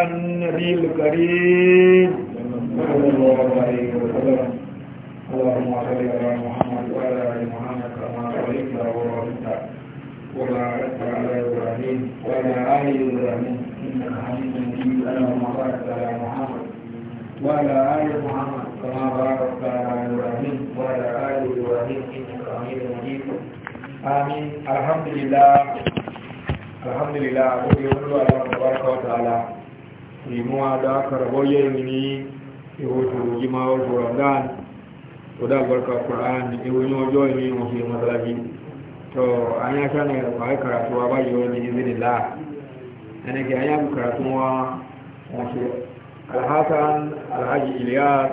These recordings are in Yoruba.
النبي الكريم صلى الله عليه وسلم اللهم صل على محمد وعلى ال محمد كما صليت ابراهيم وباركت على ابراهيم وعلى ال ابراهيم انك حميد مجيد اللهم بارك على محمد وعلى ال محمد كما باركت على ابراهيم وعلى ال ابراهيم انك حميد مجيد امين الحمد لله الحمد لله أقول الله تبارك وتعالى limuwa da aka rabo yẹ̀mìní ìwòsù ìjímá oṣù ramadan tó dágbàrka ƙùrán ìwòyìn ọjọ́ ìní oṣù matsalabi to an yá sánà ìrọ̀kọ̀ karatu wa báyìí wọ́n ní izini láà ẹni kí an yá bu karatu wa oṣù alhassan alhaji iliyar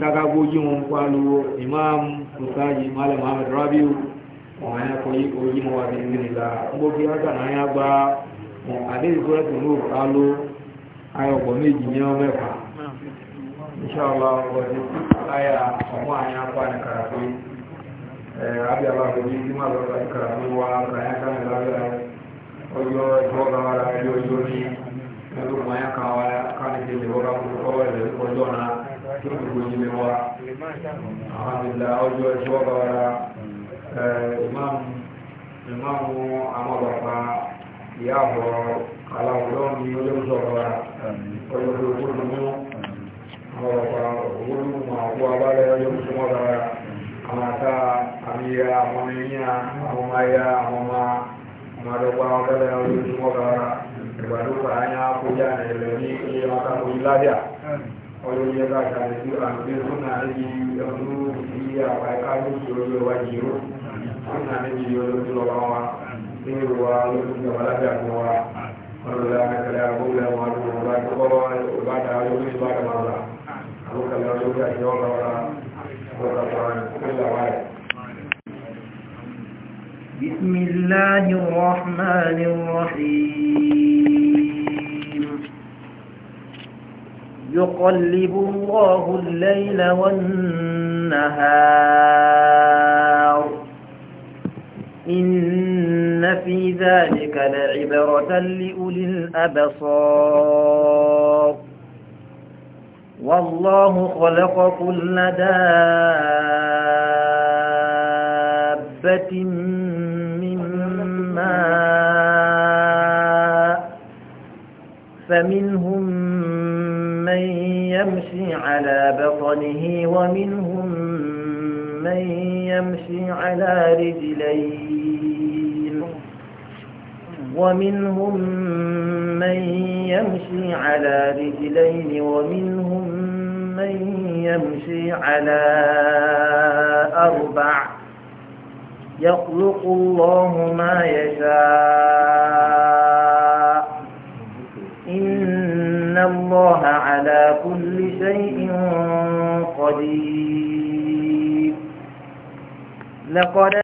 tagagoji wọn kwalo imam musaji malam ahmed rabiu wọn yá kọ yí oyin wa ní izini láà ń gbókè haka na ya gba àdéhùn sọ́rọ̀ ayọ̀pọ̀ méjì ní ọmọ ẹ̀fà ìṣọ́lá ọdí ayà ọmọ àyà apá ní kàràfí àbí aláàbòbí tí máa lọ́pàá ní kàràfí wá kàyàkàmì lábẹ́ ọjọ́ ìfọ́gbàwárá ilé ọjọ́ ní ẹgbẹ̀rún àyà kàwárá káàkiri ìwọ́gbà ọjọ́ náà tí ó gbogbo ìjìnlẹ̀ wá àmàlìlá ọjọ́ ìfọ́gbàwárá ìmáàmù ìyá àbọ̀ aláwọ̀lọ́ ni olóòsọ̀rọ̀ wa ọlọ́dún tó ń mú àwọn ọ̀pá olóòmọ̀ àpò abálẹ̀ olóòsọ̀rọ̀ wa àwọn àtà àmì ya àwọn ẹ̀yìn àwọn ọmọ ya àwọn ọmọ ọmọdọ́gba ọ̀gẹ́lẹ̀ olóòsọ̀rọ̀ wa ìgbàlúkọ̀ àyà àkójá ẹ̀lẹ̀ ní ilé ọkà òyìn lábíà ọlọ́yẹ bá ṣàlẹ̀sí àgbẹ̀ fúnà níbi ọdún ìyá àpá ẹ̀ká lóṣù olówó wájú fúnà níbi olóòsọ̀rọ̀ wa بسم الله الرحمن الرحيم يقلب الله الليل والنهار إن في ذلك لعبرة لأولي الأبصار والله خلق كل دابة من ماء فمنهم من يمشي على بطنه ومنهم من يمشي على رجليه ومنهم من يمشي على رجلين ومنهم من يمشي على أربع يخلق الله ما يشاء إن الله على كل شيء قدير لقد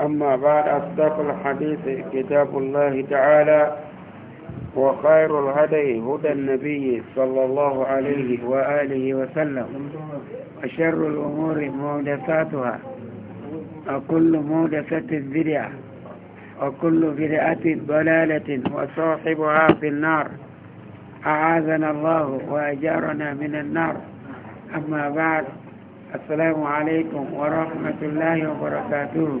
أما بعد أصدق الحديث كتاب الله تعالى وخير الهدي هدى النبي صلى الله عليه وآله وسلم وشر الأمور مهدساتها وكل مهدسة الزرع وكل بدعة ضلالة وصاحبها في النار أعاذنا الله وأجارنا من النار أما بعد السلام عليكم ورحمة الله وبركاته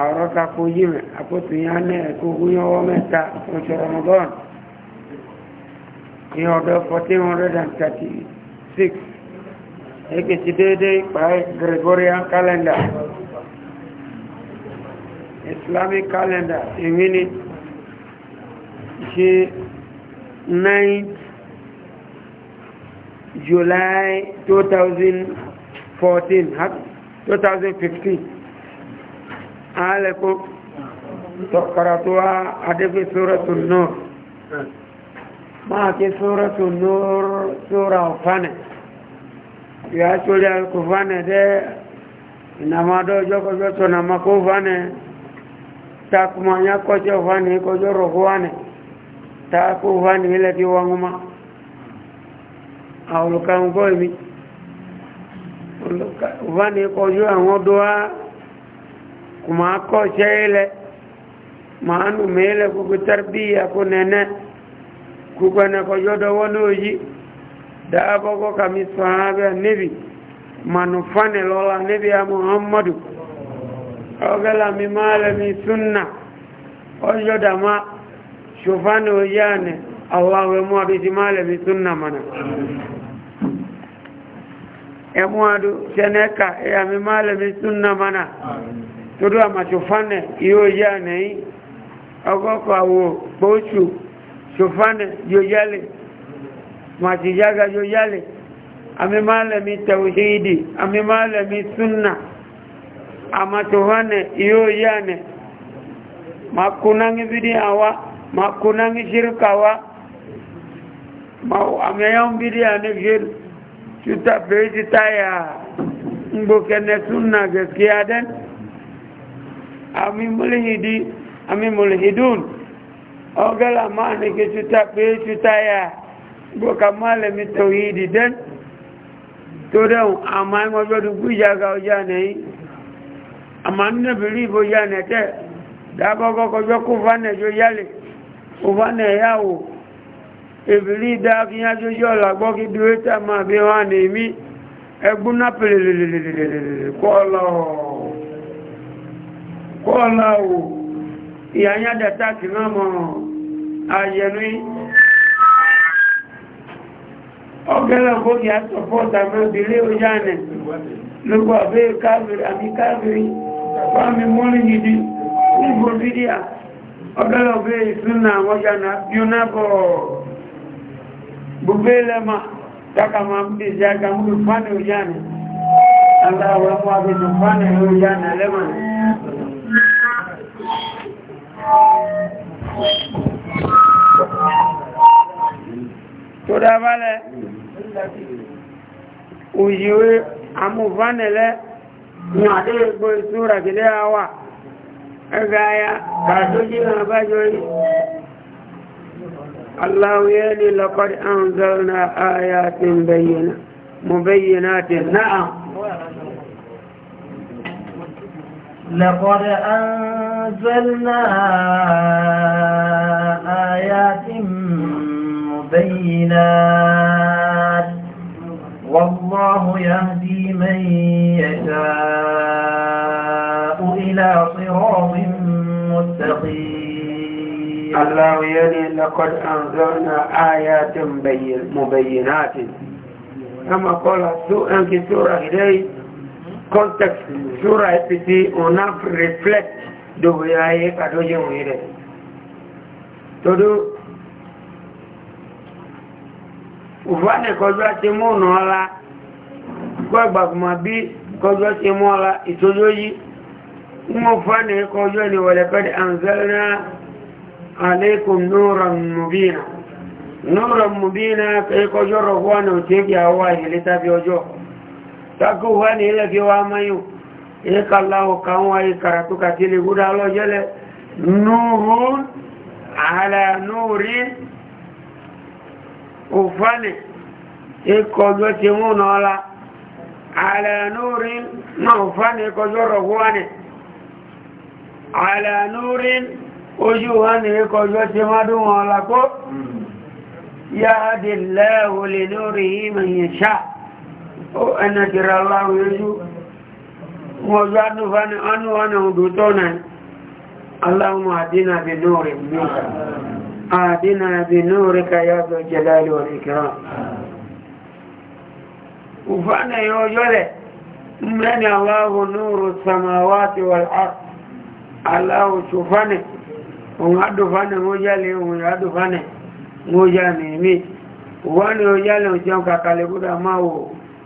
àwọ̀rọ́ta kò yí mẹ́ àpótìyàn náà kò gúnyọ́wọ́ mẹ́ta oṣù ramadan ní ọdọ́ 1436 èkè ti dédé pàá gregorian calendar islamic calendar èmi ni ṣe 9 july 2014 2015 alẹ́kọ́ tọ́kàràtọ́wà adébí sóràtù náà máa kí sóràtù náà sóra ọ̀fánẹ̀ yà sórí alẹ́kọ́ fánẹ̀ dẹ́ ìnàmàdọ́ ọjọ́kọjọ́ tọ̀nàmàkó fánẹ̀ takumanya kọjọ́ fánẹ̀ kọjọ́ rọ̀kọ́ fánẹ̀ takú fánẹ̀ ilẹ̀ tí wọ́n mọ́ àwòlùkà ń gọ́ ìmí fánẹ̀ kọjọ́ àwọn kuma ko shele maanu mele ku ku tarbiya ku nene ku kana ko yodo wonoji da boko kami sahabe nabi fane lola nabi ya muhammadu ogala mi male mi sunna ojo dama shufano yane allah we mu abi male mi sunna mana e mu adu seneka e mi male mi sunna mana Amen todo amachofane hiyo jana hii agoko awo bochu chofane yoyale majijaga yoyale amemalami tauhidi amemalami sunna amatohane hiyo jana makunangi awa, makunangi shirkawa ma ameyom bidiane jir chuta beji taya mbokene sunna gaskiya den àmì múlìhìdí àmì ma ọgọ́là máa ní kí tútà pé tútà yà gbọ́ka máa lẹ́mí tòhí ìdìdẹ́ tó dẹ̀hùn àmà ẹmọ́jọ́dún kú ìjàgà ọjà nẹ́yìn àmà nínàbìrí ìbò yà nẹ́tẹ́ dábọ́gọ́kọjọ́ kó fánẹ̀jọ yálẹ̀ kó fánẹ̀ yàwó ìbìrí dákíyájọ́jọ́ ọ̀làgbọ́ kọ́ọ̀lá ò ìyàyádà táàkì náà mọ̀ àyẹ̀rí ọgẹ́lẹ̀ kókì àtọ̀pọ̀ta mẹ́bìlẹ̀ ojánẹ̀ lọ́gbọ̀ àbẹ́ káàkiri àmì káàkiri fáàmì mọ́lì gidi nígbò bídíà ọgẹ́lẹ̀ ọgbẹ́ ìsúnà àwọn jana yúnábọ̀ gbogbo ẹlẹ́mà takàmà bèèrè agamúrù fánì ojánẹ̀ aláwọ̀ ẹmọ́ abẹ́nù fánì ojánẹ̀ lẹ́mà tó dábálẹ̀ òyíwé amúfánilẹ́ ní àdéhùgbò ìṣúra kìlẹ̀ àwà ẹgbẹ́ aya kàdójí náà bájọ́ ọrụ Allahu yẹ́ni lọ́kọ́ anzalna ayatin bayyana mubayyinatin na'am لقد أن أنزلنا آيات مبينات والله يهدي من يشاء إلى صراط مستقيم الله يلي لقد أنزلنا آيات مبينات كما قال سوء في سورة إليه context سورة إبتي a reflect dòbò ya ayé kàdó jẹ́ wòye rẹ̀ todo òfúwánẹ̀ kọjú àti mú ọ̀nà ọlá gbọ́gbàgbùmọ̀ bí kọjú àti mú ọlá ìtòjó yìí mú òfúwánẹ̀ kọjú ẹni wọ̀lẹ̀kọ́dẹ̀ àǹzẹ́lẹ́nà عليكم نورا مبينا نورا مبينا kọjọ́ rọ̀ wọ́n ní òtí kí àwọ́ ìlítàbí ọjọ́ takú wọ́n ní ilẹ̀ kí wọ́n máa yóò ìkàláwò káwọn ìkàràtù kàtílì gúdá lọ́jẹ́lẹ̀ núhùn àlànúrí òfánì ìkọjọ́ ti mún náà àlànúrí náà òfánì ìkọjọ́ rọ̀gbọ́nì àlànúrí ojú wánì ìkọjọ́ ti mádún wọn lákó yáàdì lẹ́wọ̀lẹ̀ lórí ìmìyànṣà ó ẹnà kìrà láwọn ojú وزادوا فأنوا أنا هدوتونا اللهم أهدنا بنور منك أهدنا بنورك يا ذو الجلال والإكرام وفأنا يوجد من الله نور السماوات والأرض الله شفاني وهدو فاني مجالي وهدو فاني مجالي مي واني وجالي وجالي وجالي وجالي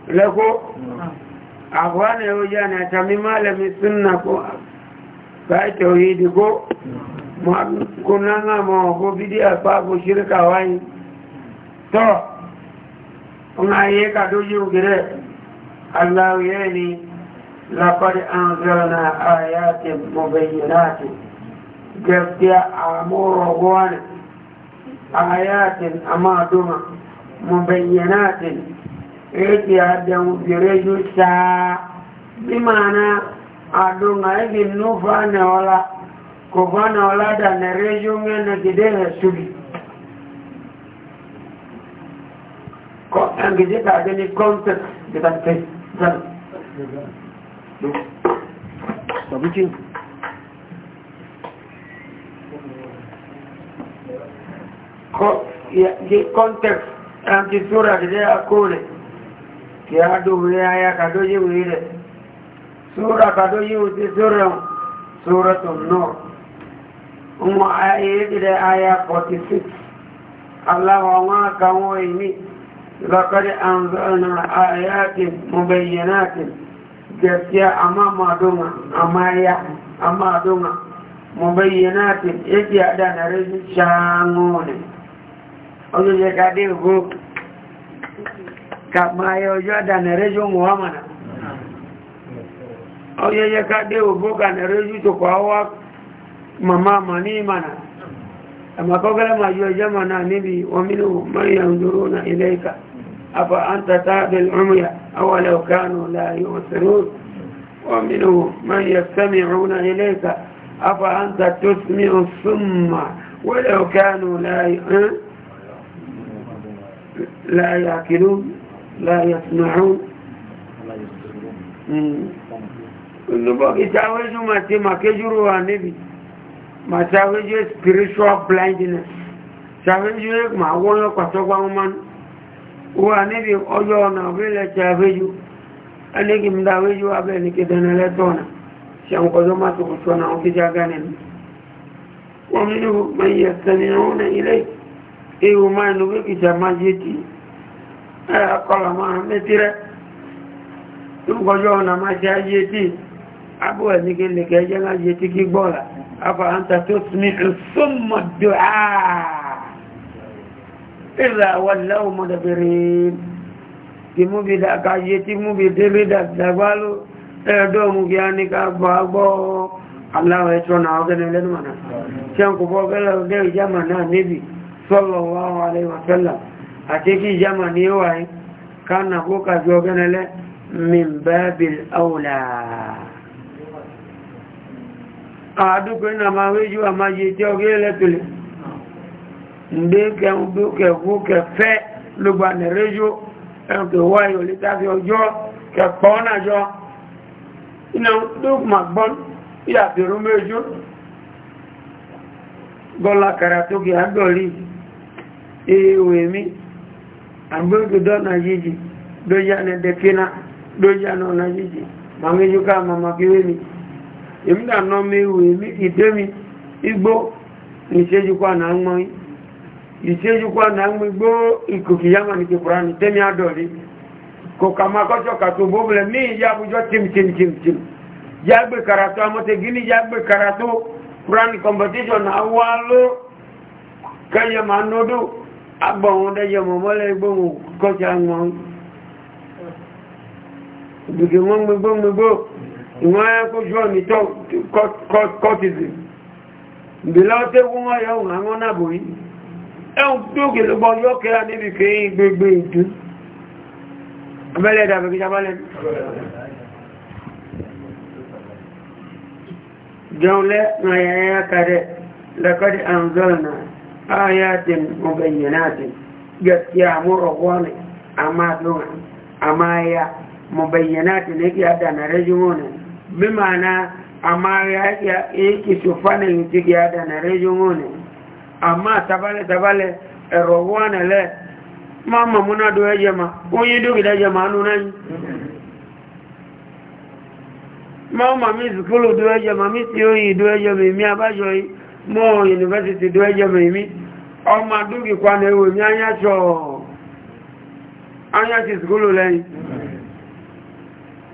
وجالي abuwan ya wuja na tami malami suna ko ka yi tauhidi ko kuna nga ma ko bidiyar babu shirka wani to una yi ka doji ugire allahu ya ni lafari an zana a yakin eke adamu bireju saa bimaana adunga ebi nufa ne ola kofa ne ola da ne reju ngene gide ne subi ko angije ka gani context kita te zan sabuci ko ya ge context anti sura gide akole kí a dóbi aya kàdó yíwò rẹ̀ sóra kàdó yíwò ti sóra sóra tó náà ọmọ ayé ìdílẹ̀ 46 aláwọ̀ wọn kàwọn èmi lọ́kọ́dé àǹzọ́nà ayáti mọ̀bẹ̀yẹnáti gẹ̀ẹ́sìá àmàmàdónà àmáyá àmàdónà àdánà rẹ̀ ṣáà ń wọ́n ni ọjọ́ yẹ kama yoyo danerejo muhamana hmm. oyeye kade oboga nereju to kwa wa mama mani mana amakogala mayoyo mana nibi waminu man yanzuruna ilayka hmm. afa anta tabil umya aw law kanu la yusirun ومنهم من يستمعون إليك أفأنت تسمع الصم ولو كانوا لا يأكلون لا يسمعون ìtàwéjú ma ti ma kéjúrò wà níbi ma ṣàwéjú spiritual blindness ṣàwéjú ma wọ́n lọ pàtọ́gbà wọn wà níbi ọjọ́ ọ̀nà orílẹ̀ ṣàwéjú ẹnìkì mdáwéjú abẹ́ ní kìdánà lẹ́tọ́nà ṣàǹkọjọ́ má tó kùtù ọ̀nà òkè jágá nínú wọ́n nínú mẹ́yẹ̀ tẹ̀lé akọlọ máa létí rẹ̀ lóògbọ́jọ́ ọ̀nà máa ṣe ayé tí abú ẹ̀ ní kí lè kẹjẹ́ náà yé tí kí gbọ́ọ̀lá afáhàntà tó ní ìsúnmọ̀dọ̀ ìrà wàláwò mọ̀dàbẹ̀rẹ̀ tí mú bí dáka yé tí mú bí délé dàgbàlú ẹ̀ẹ́dọ́ mú kí a ní ká gbọ́ agbọ́ aláwọ̀ ẹ̀tọ́ náà ọgẹ́ni lẹ́nu àtẹ́kí ìjámà ní ó wáyé kánà kó kàfí ọgẹ́nẹlẹ́ mìmbábil aula àádúgbé náà máa wéjú àmá yìí tí ọgẹ́ lẹ́tùlẹ̀ ndé kẹfú kẹfẹ́ lùgbà nẹ̀rẹ́jọ́ ẹnkẹ̀ wáyé olítàfí ọjọ́ kẹpọ̀ náàjọ́ iná dókùnmà gbọ́n ìyàfẹ́rú méjọ́ gọ́lá kàràtókè agbójúdọ́ na jíjì lójá na dẹ̀kínà lójá na ọ̀nà jíjì ma ń yíká mama kíwé mi ìmúdà náà mẹ́wù èmi ìdémi igbó ìṣẹ́júkwà na ń mọ́í ìṣẹ́júkwà na ń mọ́ igbó ìkòkì yá màní kìkùrá ní tẹ́mi àdọ̀rí kòkà ma kọ́jọ́ tim tim tim ìyá àbújọ́ karatu amote karató amọ́tẹ́gínní yàgbé karató kúránì competition àwọn aló kẹyẹ màá agbọ̀wọ̀n dẹ́jọ mọ̀mọ́lẹ̀ gbóhùn kọjá wọn gbogbo wọn gbogbo gbogbo ìwọ̀n ẹkùnjú ọ̀nì tó kọ́tìdì ìbìláwọ́tẹ́ wọ́n yọ àwọn náàbò yìí ẹ̀hùn tó gẹ̀lọ́gbọ́ yọ́ kẹ́ra níbi kí gbogbo ìdú abẹ́lẹ̀ ìdàbẹ̀kí sábálẹ̀ jẹun lẹ́ آيات مبينات جسيا مرغوان أما دون أما يا مبينات نكي أدانا رجمون بمعنى أما يا إيكي سفانا يتكي أدانا رجمون أما تبالي تبالي الرغوان لا ماما منا دو يجمع ويدو كده جمع نوني ماما مي سكولو دو يجمع مي سيوي دو يجمع مي أباجوي mọ́ yunifásitì dó ẹjẹ́ mẹ́mí ọmọ kwa kwanu ewò ní anyáṣì skúlù lẹ́yìn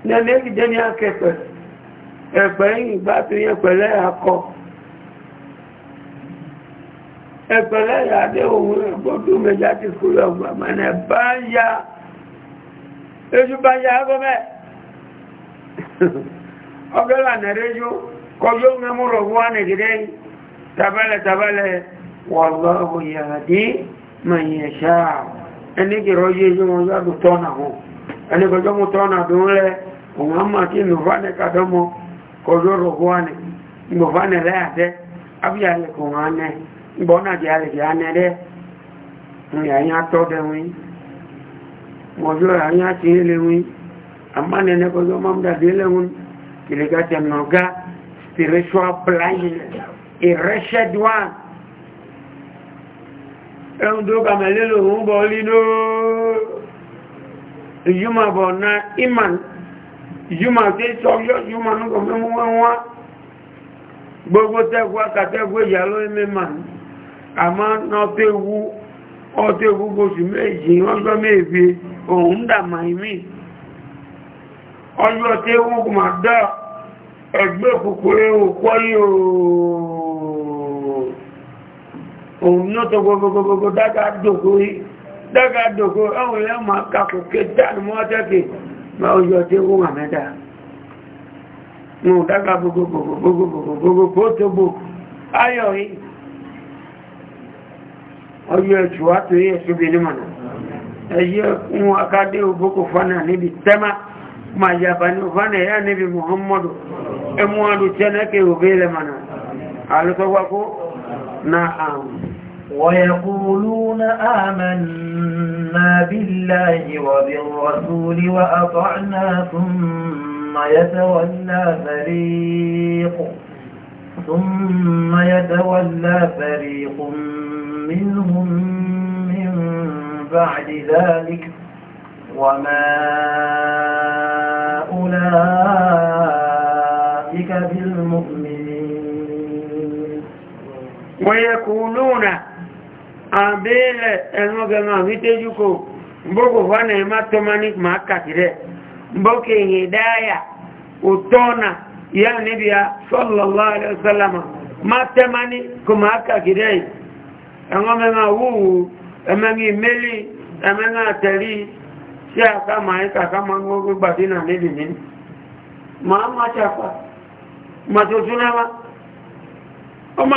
ní ẹgbẹ́ ní akẹ́pẹ̀ ẹ̀pẹ̀ yìí gbá tó yẹ pẹ̀lẹ́ akọ ẹ̀pẹ̀lẹ́ ìyàdé ohun ẹgbọ́dún mẹ́já ti skúlù ọgbà mẹ́rin bá yá ejú bá yá gọ́mẹ́ ọgẹ́lá nẹ̀rẹ́jú kọjú mẹ́mú rọ̀ wọ́n nìgidẹ́yìn tabale tabale wallahu yahdi man yasha ẹni kìrọ yé yí wọn yá dùn tọ́nà hù ẹni kọjọ́ mú tọ́nà dùn rẹ òun á máa kí nùfánẹ kàdọ́mọ kọjọ́ rọ̀gbọ́ wà ní nùfánẹ lẹ́yàtẹ́ abíyàlẹ̀ kò wọ́n á nẹ́ gbọ́ náà jẹ́ àlejò á nẹ́ dẹ́ ìyàyìn atọ́ mọ̀jọ́ ìyàyìn àti ilé wín àmánẹ́nẹ́ kọjọ́ máa ń dàdé lẹ́wọ̀n spiritual blindness a wretched one ẹun tó kàmẹ̀lẹ́ lòun bọ̀ lílò ìjúmọ̀ bọ̀ na iman ìjúmọ̀ tí sọ́yọ́ ìjúmọ̀ nígbà mímú wọ́nwá gbogbo tẹ́gbọ́ kàtẹ́gbọ́ ìyà ló mẹ́mà àmá náà tẹ́ wú ọtẹ́ gbogbo oṣù méjì ọjọ́ méèbí òun dàmà ìmí ọjọ́ tẹ́ wú kùmà dá ẹgbẹ́ kòkòrò òkú ọyọ́ ooo òun náà tó gbogbogbogbò dága dògó yìí dága dògó àwọn èèyàn máa kàkò ké tẹ́kì ma ó yọ tí ó wà mẹ́ta dága ma na ahụ. ويقولون آمنا بالله وبالرسول وأطعنا ثم يتولى فريق ثم يتولى فريق منهم من بعد ذلك وما أولئك بالمؤمنين ويقولون àbẹ́ẹ̀lẹ̀ ẹ̀rùn ọgẹ̀rùn àmì tẹ́jú kò mbókò fánà ẹ̀má tọ́mání máa kàkìrẹ̀ mbókè èyàn dáyà òtọ́ọ̀nà ìyá níbi a sọ́lọ̀lọ́ alẹ́sọ́lámà máa tẹ́mání màtòtúnáwá ọmọ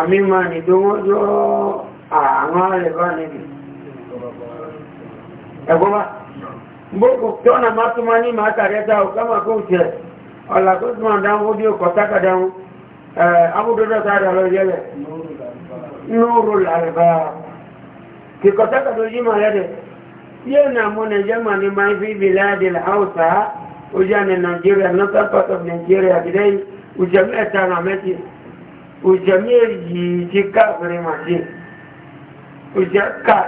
àmì máa nìdówọ́jọ́ àwọn àrẹ̀bá níbi ẹgbọ́bá gbogbo tọ́nà máa tún máa ní máa tàrẹ́ta ọ̀kámà kó jẹ́ ọ̀là tó tún máa dáhùn ó bí ó kọ̀tákà dáhùn abúdódó sáàdà lọ yẹlẹ̀ nóòrò làrẹ̀bá kì kọ̀tákà tó yí máa yẹ́dẹ̀ nà mọ́ nàìjẹ́ fi ibi láàdì láhùsá ó jẹ́ ní nàìjíríà northern part of ujami èyí ti káàbìrì màṣí ka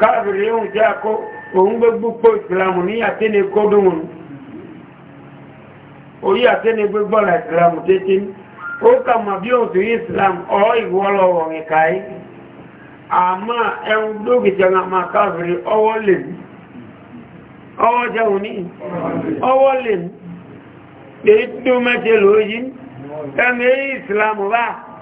káàbìrì ń jẹ́ àkó òun gbogbo pọ̀ ìsìlámù ní àtẹ́ni kódùnmù orí àtẹ́ni gbogbo la ìsìlámù tẹ́tí ó kà mà bí òun tó yí ìsìlámù ọ́ ìwọ́lọ́wọ́ rẹ̀ káyé àmọ́ ẹun dókìtẹ̀ àmà káàbìrì ọwọ́ lè mí ọwọ́ jẹun ní ọwọ́ lè mí èyí tó mẹ́tẹ̀ lóyí ẹ̀mí báà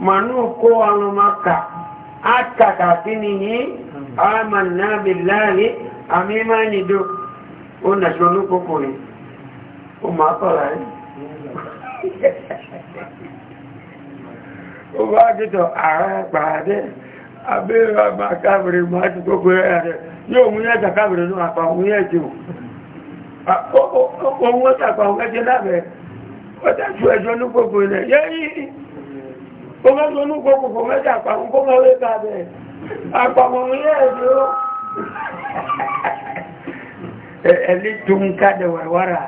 manu ko anu maka aka ka kinihi amanna billahi amima ni do ona ni o ma to la o ba ki to ma kabri ma ti yo mu ya ta no mu ya ti o o o o mo ta pa o ka je labe o ta ju ejo nu ó mẹ́sàn onú gbogbo fò mẹ́sàn àpamọ́ kó mọ́ wéka bẹ̀ àpamọ́ ilé ẹ̀dẹ́ ó ẹ̀lí tún kádẹ̀ wàwárà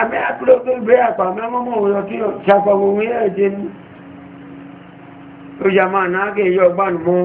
àmì àpúlò tó gbé àpamọ́ mọ́mọ́ òyọ́ kí ṣàpamọ́ ilé ẹ̀dẹ́ ní ó yà máa náà kí yọ gbánu mọ́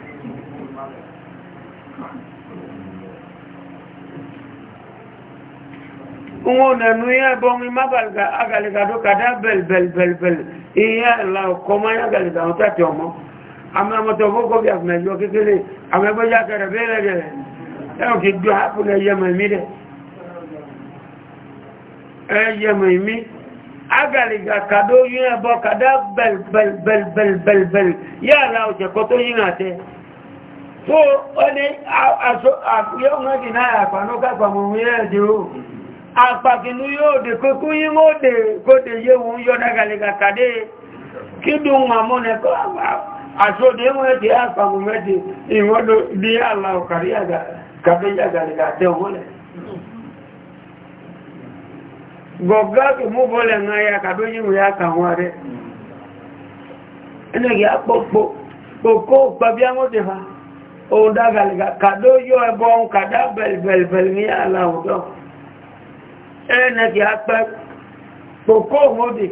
wọn na nu ya bọ mi ma galiga agaliga e e do kada bẹl bẹl bẹl bẹl iye la kọmọ ya galiga wọn tàti ọmọ àmì àmọtọ fọkọ bí àfúnà yọ kékeré àmì ẹgbẹ ya kẹrẹ bẹẹ lẹgẹrẹ ẹ ò kì náà agaliga kado yẹ bọ kada bẹl bẹl bẹl bẹl bẹl bẹl yẹ la ọjọ kọtọ yìí nà tẹ tó ọ ní aṣọ àfúyẹ wọn kì náà àpànú kápá mọ wọn àpàkínú yóò dè kókú yí mọ́ dè kóde yé wọn yọ dágalega kàdé kí dùn màmú nẹ́kọ́ àṣòdé wọ́n ti àpàmù mẹ́ti ìwọ́dó bí àlà òkàrí àgàlẹ̀gà tẹ́wọ́lẹ̀ gọ̀gá kì mú bọ́lẹ̀ ń ya mú ya kàwọn rẹ̀ ẹnìyàn àpọ̀pọ̀ òkó pàbí àwọn ti fa òun dágalega kàdóyí ẹbọn kàdá bẹ̀lẹ̀bẹ̀lẹ̀ ẹnẹ̀dì apẹ́ kòkó òmòdì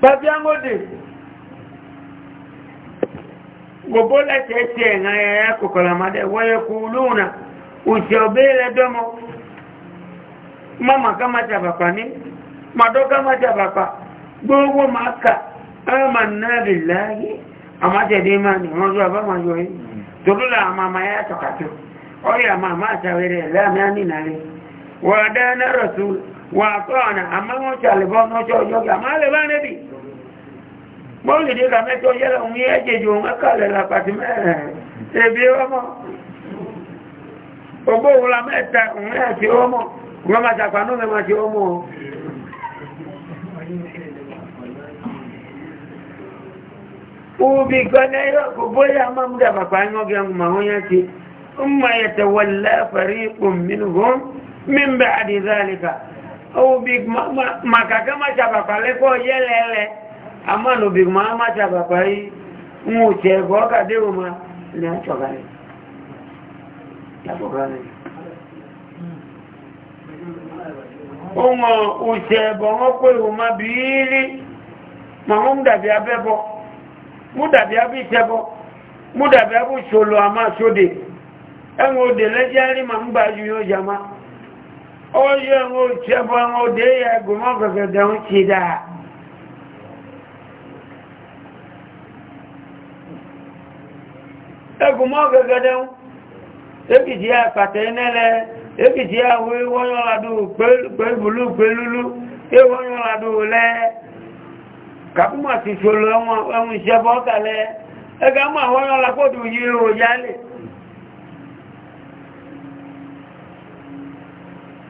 pẹ́bí àmòdì gbogbo lẹ́tẹ̀ ẹ̀tì ẹ̀nà ẹ̀yà kòkòròmọ́dẹ̀ wọ́yẹ̀kú lóòrùn òṣè òbẹ́rẹ̀ dọ́mọ́ mọ́mà ká ní màdọ́ ká gbogbo وأدانا الرسول وأطعنا أما ما شاء الله ما شاء الله ما لبا نبي مولد إذا ما شاء الله أمي أجيجون أقال لا ọmọ, wọ́n máa ṣàfàánú mẹ́ máa ti ọmọ. Ubi gọ́nà ti, min ba'di zalika au big ma makaka machaba pale ko yelele ama no big mama machaba pai muche go ka de uma le acho gale acho gale ongo uche biiri ma uma bili mama muda bi abebo muda ama ma ọyọ́ ẹ̀wọ̀n òṣèbọ̀ àwọn òdè yẹ ẹgbùnmọ́ gẹ̀gẹ̀gẹ̀ ń ṣe dáa ẹgbùnmọ́ gẹ̀gẹ̀gẹ̀ ń èkìtì àpàtẹ inẹ́lẹ̀ èkìtì àwọ ìwọ́nyọ́ladù pẹ̀lú pẹ̀lúlú ìwọ́nyọ́ladù lẹ́ kàbùmọ̀ ti ṣòlò ẹ̀wọ̀n àwọn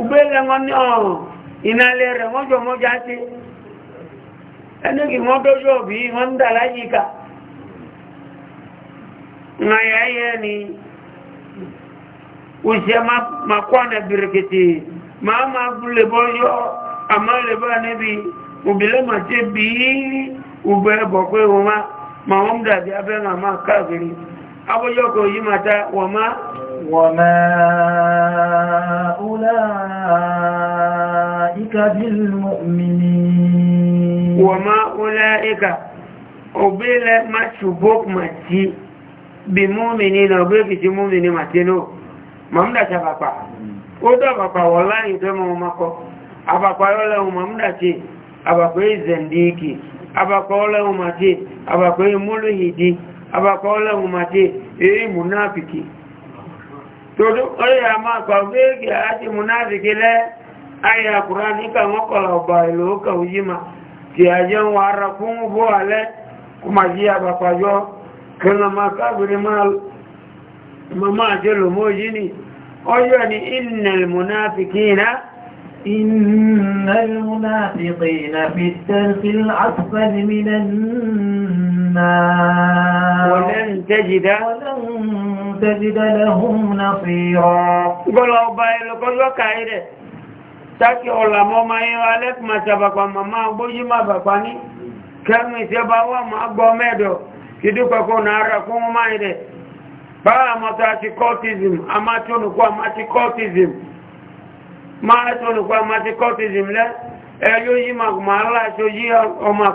ugbele wọn ní ọ̀rùn ìnàlẹ̀ rẹ̀ wọ́n jọ mọ́já sí ẹni kì wọ́n tó ṣọ́ bí wọ́n ń dà láyíká ayẹyẹ ni òṣìṣẹ́ ma kọ́ ọ̀nà bìrìkìtì máa ma lè bọ́ yọ́ àmá lè bọ́ níbi òbílẹ̀ mà ṣe bí ugbẹ́ bọ̀ pé wọ́n ma wọ́n dàbí abẹ́ وما أولئك بالمؤمنين وما أولئك أبلا ما شبوك ماتي بمؤمنين أبلا في مؤمنين ماتينو ممدا شبابا Odo àpapà wọ̀ láyìn tó mọ̀ ọmọkọ, àpapà ọlọ́run mọ̀múdà tí, àpapà ìzẹ̀ndìkì, àpapà ọlọ́run màtí, àpapà ìmúlùhìdí, àpapà ọlọ́run màtí, èyí mùnáfìkì, todo oye ama kwavegi ati munafikile aya kurani ka ngokola bailo ka ujima ti ajan wara kungu boale kumajia bakwajo kana makabri mal mama jelo mojini oye ni innal munafikina إن المنافقين في الترك الأسفل ولن تجد ولن تجد لهم نصيرا قولوا بايلو قولوا كايرة تاكي علماء ما يوالك ما سبقوا ماما بوجي ما بقاني كم سبقوا ما kwa ma to no kwa mati cortism le e yo yi ma ma la ma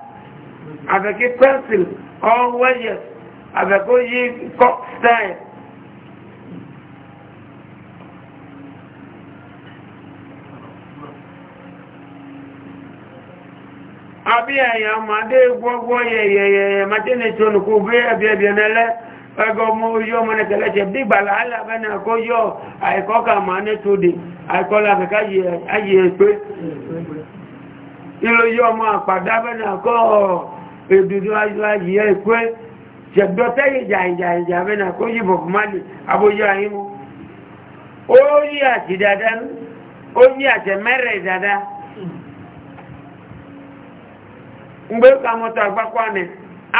àfẹ́kí pencil all wẹ́yẹ̀ àfẹ́kó yí cock style àbí ẹ̀yà màdé gbogbo yẹ̀yẹ̀yẹ̀ màtí ní tó nùkú bí ẹbí ẹbí ẹnẹlẹ́ ẹgbẹ́ ọmọ ojú ọmọ nìkẹlẹ́ṣẹ̀ bí gbàlá alábẹ́ni ẹ̀kọ́ yọ àìkọ́kà màá ní tó dé àìkọ́lá kẹ́kẹ́ ayé ẹ̀ pé ìlò yọ ọmọ àpàdábẹ́ni ẹ̀kọ́ ọ̀ọ̀ edudu ayi ya ekwe ṣẹ̀dọ́tẹ́ ìjà ìjà ìjà mẹ́nà kó yìnbọn kò dada oyi yí mere dada mgbe ka mọ́tò àgbákọ́ ànẹ́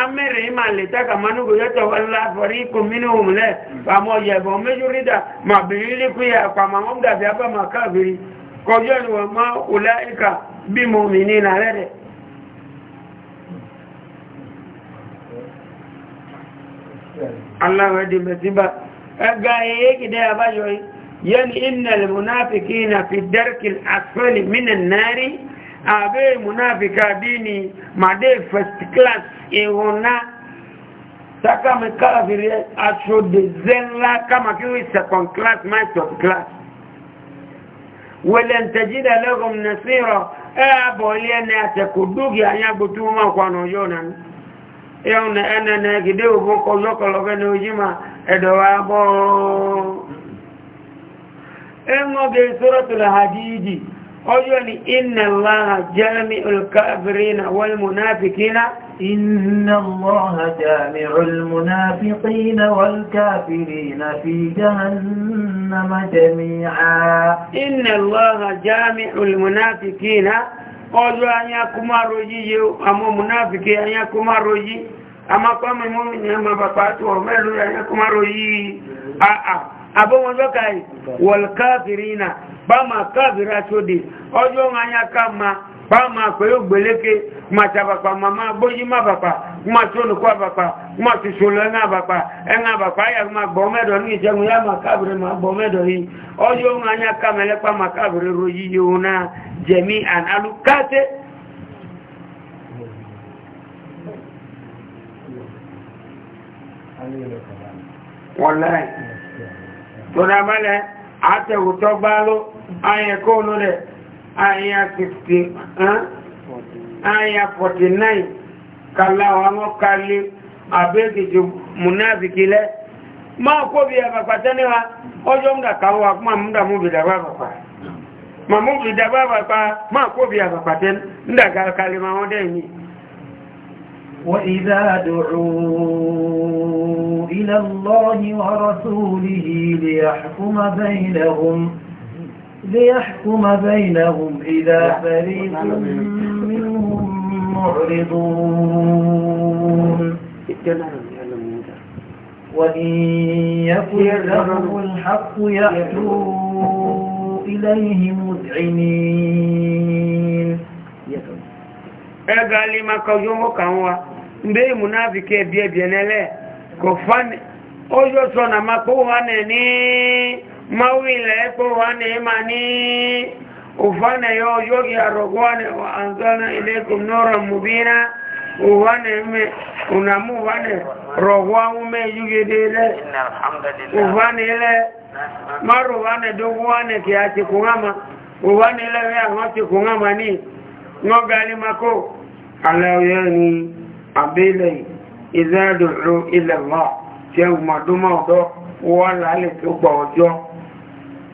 amẹ́rẹ̀ ìmà lè tákà manúgbò yẹ́tọ̀ wọlá fọ́rí kòmínú òmùlẹ̀ pàmọ́ yẹ̀bọ̀ méjì ma mà bìrì ya kwa ma mọ́ dàbí abá mà káàbìrì kọjọ́ ìwọ̀n mọ́ Allah di mesiba aga yake eh, eh, da ya bajo eh. yan innal munafiqina fi darkil asfali minan nari abe munafika dini made first class ehona saka me kafiri acho de zella kama kiwi second class my top class ولن تجد لهم نصيرا ابو لنا تكدوك يا ابو توما كانوا يونان yewne eneneeki ɗiw fo ko lokoloke ne ujima eɗo waɓo enŋoge suratul hadidi o joni inna allaha jamiu lkafirina walmunafikina inna allaha jamiu lmunafiqina walkafirina fi jahannama jamia inna allaha jamiu lmunafikina ọjọ́ anyakúmárò yíye àmọ́ múnáfìkì anyakúmárò yí amápámi mú ìyẹnmà bàbá tó ọ̀mẹ́lú anyakúmárò yí àà àbọ́mọjọ́kàí wọ̀lkáfìrínà bá ma káfìrá tó dé ọjọ́ anyakama kpama kwe ogbeleke kumacha bakpa mama boji ma bakpa kumacha onuku abakpa kumacha usolo ɛŋa bakpa ɛŋa bakpa e aya kuma gbɔmɛdɔ ni ìjẹun ya makabiri ma gbɔmɛdɔ yi ɔyɔ ŋun anya kamɛlɛ kpa makabiri royi yiwu na jɛmi alu kate. aya 60 huh? aya 49 kala wamo kali abegi ju munafiki le ma ko bi abapatani wa ojo mda kawo akuma mda mu bidaba baba ma mu bidaba baba ma ko bi abapatani mda gal kalima wode ni وإذا دعوا إلى الله ورسوله ليحكم بينهم ليحكم بينهم إذا فريق منهم معرضون وإن يكن الحق يأتوا إليه مذعنين ẹgbẹ́ alima kọjúmọ́ kan wa mbé ìmúnáfikẹ́ ẹbí ẹbí ẹnẹ́lẹ́ kò fánì ó yóò mawile epo wane imani ufane yo yogi arogwane wa anzana ilekum nura mubina uwane ime unamu wane rogwa ume yugi dile ufane ile maru wane dugu wane kiachi kungama ufane ile wea ngochi kungama ni ngogali mako alao yani abile idha du'u ila Allah sẹ́wọ̀n mọ̀dúnmọ̀ ọ̀dọ́ wọ́n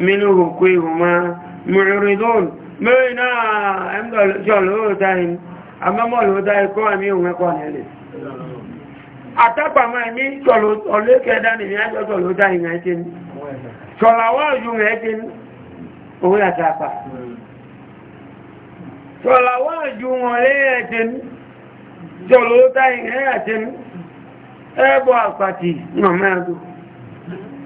منه كويهما معرضون مينا امدل جلو داين اما مولو داين كو ami وما كو نيلي atapa ma mi tolo ole ke dani mi ajo tolo dai na tin wa ju na tin tapa tola wa ju ole tin tolo na ebo apati no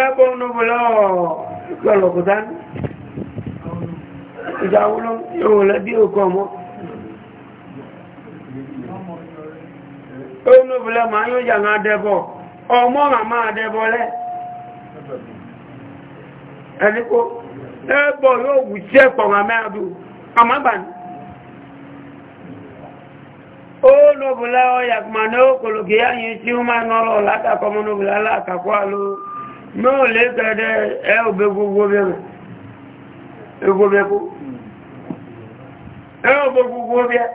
ẹgbọ́n níbùlọ́ lọ́lọ́kùtán ìjáwúlọ́ yóò lẹ́bí òkú ọmọ ó níbùlọ́ ma yóò jà máa dẹ́bọ̀ ọmọ màmá dẹ́bọ̀ lẹ́ ẹgbọ́ yóò wù sí ẹ̀pọ̀ yáyìn tí ó máa nọ́rọ̀ náà lè gẹ̀ẹ́dẹ́ ẹ òbẹ́ gbogbo bẹ̀rẹ̀ ọrụ ọrụ òbẹ́ gbogbo bẹ̀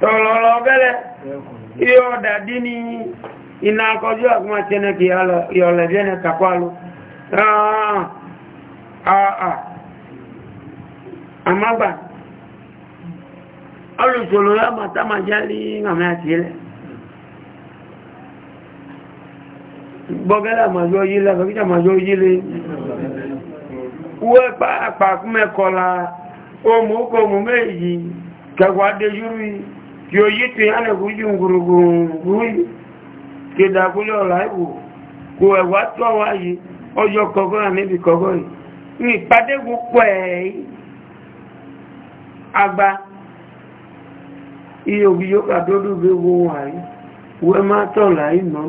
tọ̀lọ̀lọ̀ bẹ̀rẹ̀ yọ dàdí ní iná akọjú àkúmà tẹ́nẹ̀ kì yọ̀lẹ̀bẹ̀ẹ́nẹ̀ kàkwàlú àmàgbà ọlùsòlò yà màtàmà jẹ́ gbọ́gẹ́lá màjọ yílẹ̀ lọ́gíjà màjọ yílẹ̀ wọ́n pàápàákúmẹ́kọlá ohun ókò mú méjì kẹwàá adéjúrí tí ó yí tí alẹ́kùnjú gbùrùgbùrùgbùrù kédàkúlẹ̀ ọ̀lá ìwò kò ẹ̀wà tó wá yìí ọjọ́ kọgọ́ àníbì kọgọ́ yìí ní ìpàdé púpọ̀ ẹ̀ agba iye òbí yóò kàdódù bí wọ́n wà yìí wọ́n má tọ̀ láì náà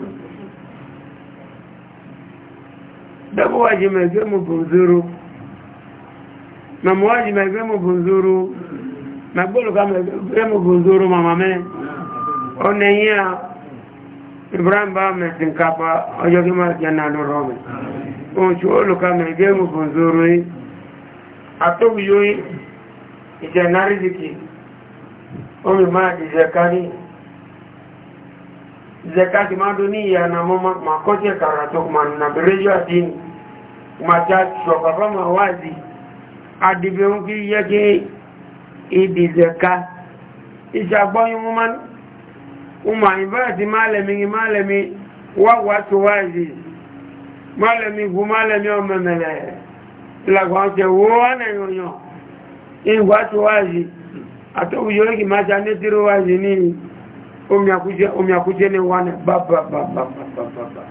dabu waji mege mubunzuru mamu waji mege mubunzuru magbolu ka mege mubunzuru mama me one ya ibrahim ba me tinkapa ojo ki ma janna no rome o chuolu ka mege mubunzuru yi atobu yoyi ijanari ziki omi ma di dijekani zakati madunia na mama makote karatu na berejo adini matatu baba mawazi adibiongi yake ibi zaka ishaboyu muman uma ibati malami mi wa watu wazi malami gumalami omemele la gwaje wona yoyo in watu wazi atokujoki macha netiro wazi ni omi àkújẹ́ ní wà ní bàbàbàbàbàbà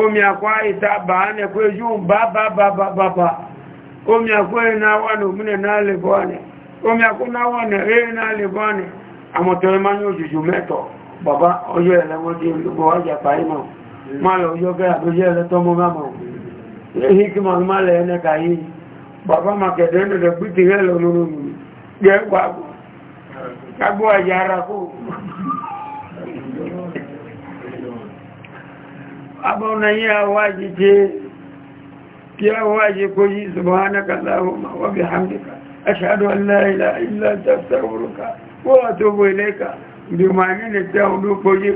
omi àkú àìta bà á nẹ̀ pé yíò bàbàbàbàbà omi àkú ẹ̀nà wà ní òmìnà náà lè bọ́ ní omi àkú náà wà ní ẹ̀rẹ́ náà lè bọ́ ní àmọ̀tọ́ ẹmá ní òjòjò mẹ́tọ̀ bàbá ọjọ́ ẹ̀lẹ́wọ́n Gbẹ́gbàgbọ́, kagbó àyàrá kó abaunayi awaji ce ki awaji ko yi subhanaka allahumma wa bihamdika ashhadu an la ilaha illa anta astaghfiruka wa atubu ilayka bi manene ta hudu ko yi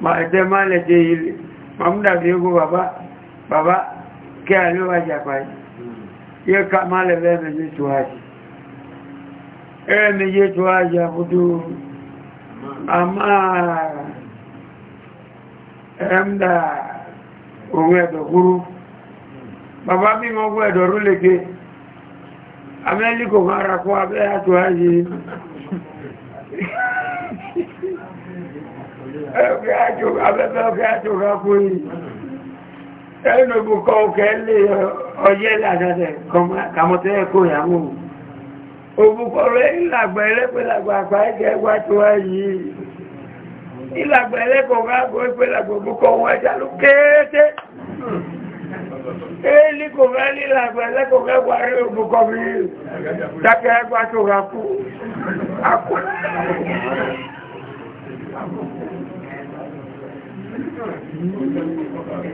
ma ta mala je yi mamda bi go baba baba ke alu aja pai ye ka mala be me ji tuaji e me ji tuaji abudu òun ẹ̀dọ̀ kúrú bàbá bí wọ́n gbọ́ ẹ̀dọ̀ rúlẹ̀kẹ́ amẹ́líkò kan ara kó abẹ́ àtò ayé abẹ́bẹ́ ọkẹ́ àtò kákó yìí ẹ̀nà ìbùkọ́ ọkẹ́ lè ọjẹ́ làtàtẹ̀ kàmọ́tẹ́ ẹ̀kọ́ ìyàmú òbúkọ́ rẹ̀ ìlàgbà ẹlẹ́pẹ̀làgbà àpá àgbà ayé ìlàgbà ẹlẹ́kọ̀ọ́ gáàgbọ́ ìpé làgbà òbúkọ wọn ẹja ló kéèké èlì kò fẹ́ nílàgbà ẹlẹ́kọ̀ọ́ gáàgbà rí òbúkọ mi dákẹ́ ẹgbà tó ga kú akú Thank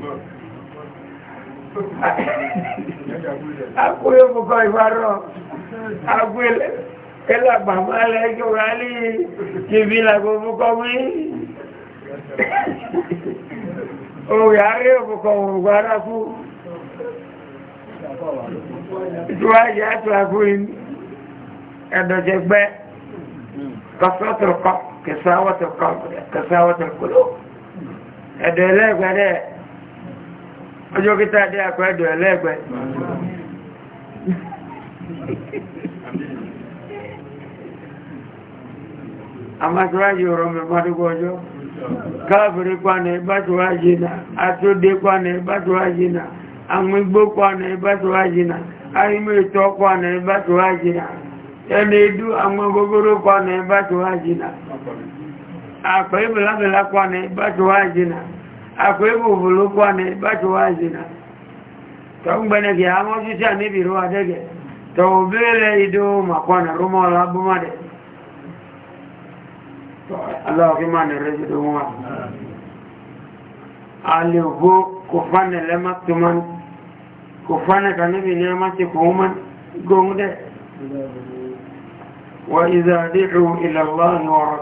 you akuyo bukọ ifarọ agbele kẹlẹ gbàmọ alẹ ẹjọ wàlí tìbí làgbo bukọ mi òwe arẹ bukọ òwò ara kú ìtúwájú àti àkú yìí ẹdọjẹ gbẹ kọsọtò kọ kẹsàwọtò kọ kẹsàwọtò kọlọ ẹdọ ẹlẹgbẹdẹ. ọjọ́ kí tàbí àpẹ́ ẹ̀dọ̀ ẹlẹ́gbẹ́ àmàtíwájì ọ̀rọ̀ mẹ́fàdúgbọ́ ọjọ́ káàfìrí pàánà ìbátíwájì náà àtúndé pàánà ìbátíwájì náà àmúgbó pàánà àìmọ̀ ìtọ́ pàánà ẹni idú pàánà àpẹ́ pàánà akwẹ́gbò òfòlókọ́ ni bájú wá ìzìnà tó ń gbẹ́nẹ̀gẹ̀ amójú sí àníbìrú adẹ́gẹ̀ tó bèèrè ìdó màkọ́nà rúmọ́ lábúmọ́dẹ̀ aláwọ̀kímánì rẹ̀ sí ìdó wọn alẹ́gbó kò fánẹ̀ lẹ́màtúmán kò fánẹ̀ kaníbi ní ẹmà ti kòhúnmán góngdẹ̀ wà ìzàdíhù ìlàlá nù ọ̀rọ̀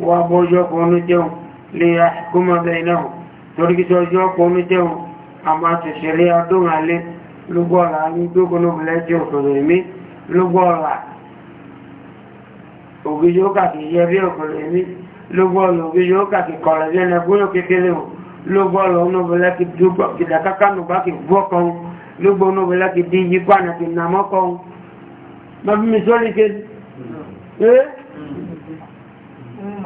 wà bọ́jọ́ pọ̀nú jẹun lè yàkúmọ̀ bẹ̀ náà torí kí tọ́jọ́ pọ̀nú jẹun a máa tẹ̀ṣẹ̀ lé adóhànlé lúgbọ́ọ̀lá ní gbógbónú lẹ́jẹ́ òkèrè mí lúgbọ́ọ̀lá ògbíjó kàkì yẹ bí òkèrè mí lúgbọ́ọ̀lá ògbíjó kàkì kọ̀rẹ̀ lẹ́nà gbóyò kékeré o lúgbọ́ọ̀lá onúbẹ̀lẹ́ kì dìdàkákánù bá kì gbọ́kan lúgbọ́ọ̀lá onúbẹ̀lẹ́ kì díyí pàànà kì nàmọ́kan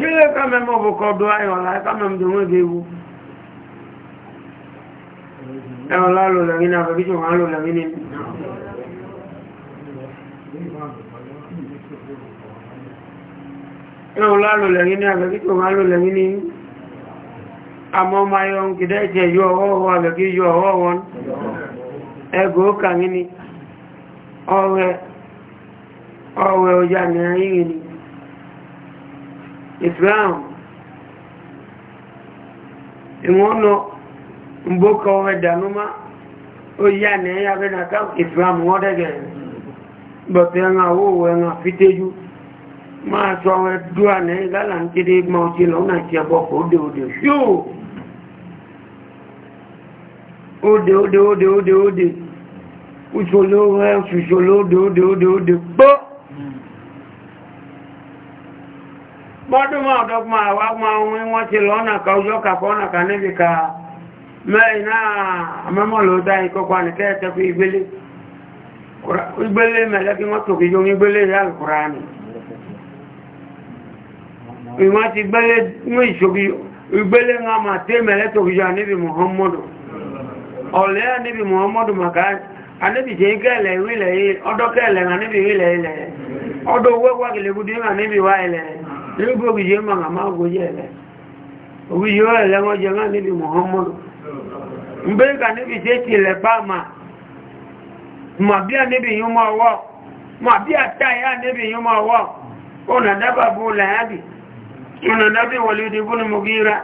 sílé kámẹ́mọ́ bọ̀kọ̀ dọ́ ayọ̀lá kámẹ́mọ́ tó wọ́n gẹ́gbó ẹ̀wọ̀lá lò lẹ́rin náà fẹ́bí tí wọ́n lò lẹ́rin ní ẹ̀wọ̀lá lò lẹ́rin náà fẹ́bí tí wọ́n lò lẹ́rin ní àmọ́ ma yọ ń kìdá ìtẹ̀ yọ ọwọ́ àbẹ̀kí yọ ọwọ́ wọn ẹgbò kàmí ni ọwẹ́ ọjá ní ayé ni it's round ìwọ̀n nọ mbókọ̀ ẹ̀dànúmá ó yà ní ẹ̀yà bẹ́ na káà islam wọ́n dẹ́gẹ̀ bọ̀tẹ̀ ẹ̀nà owó ẹ̀nà fítéjú máa sọ ní ń kéde ti bọ́dún máa dọ́gbọ́n àwá máa wọ́n wọ́n ti lọ́nà ka ọjọ́ kàfọ́nà ka níbi ka mẹ́rin náà mẹ́mọ́ ló dá ìkọ́kọ́ àníkẹ́ ẹ̀tẹ́kù ìgbélé ìgbélé mẹ́lẹ́kí wọ́n tòkì jọ muhammadu ọ̀lẹ́ àníbi muhammadu màkà àníbi jẹ́ kẹ́lẹ̀ ìwílẹ̀ yìí ọdọ́ kẹ́lẹ̀ àníbi ìwílẹ̀ ilẹ̀ ọdọ́ owó wákìlẹ̀ gudí àníbi nígbò kìí ma ń àmá ogójì ẹ̀lẹ́ ogójì ó ẹ̀lẹ́ wọ́n jẹ́ náà níbi muhammadu ń bẹ́ ìkà níbi tí èkì ilẹ̀ bá ma ma bí a bi yíò máa wọ́ ma bí a tá ìyá níbi ya máa wọ́ ọ̀nà dábà bú làábì ọ̀nà dábì wọlé ìdìbò ní mugira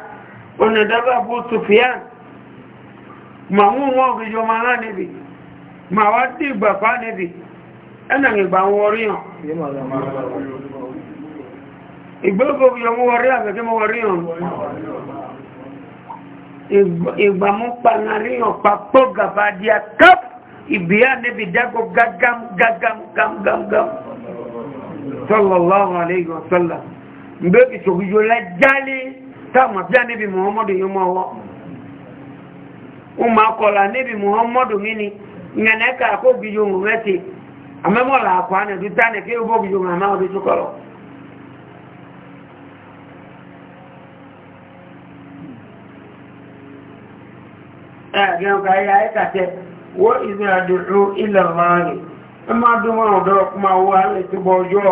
ma mú wọn ògìjọ ma náà níbi ma wá dì bàbá níbi ẹnà ìgbà hàn ìgbóògbò yọmú wọrí àfẹ́kẹ́ mọ́ wọrí ọ̀n ìgbàmú panari ọ̀pá pọ́ gàbà di akáp ìbíyà níbi dágọ́ gágám gágám gámgámgám sọ́lọ̀lọ́wọ́ alẹ́ ìgbọ̀nsọ́lá mbẹ́bí sògbìjò lájálé táwọn àbíyà níbi muhammadu yóò mọ́ wọ́ ụmụ akọla níbi muhammadu mini ìyànà ẹ̀gbẹ̀rún ká yá ẹ́ kàtẹ́ wọ́n ìdí àdùrú ilẹ̀ láàrin ẹ má dún wọn ọ̀dọ́ ọkùnmá wọ alẹ́ tó bọ ọjọ́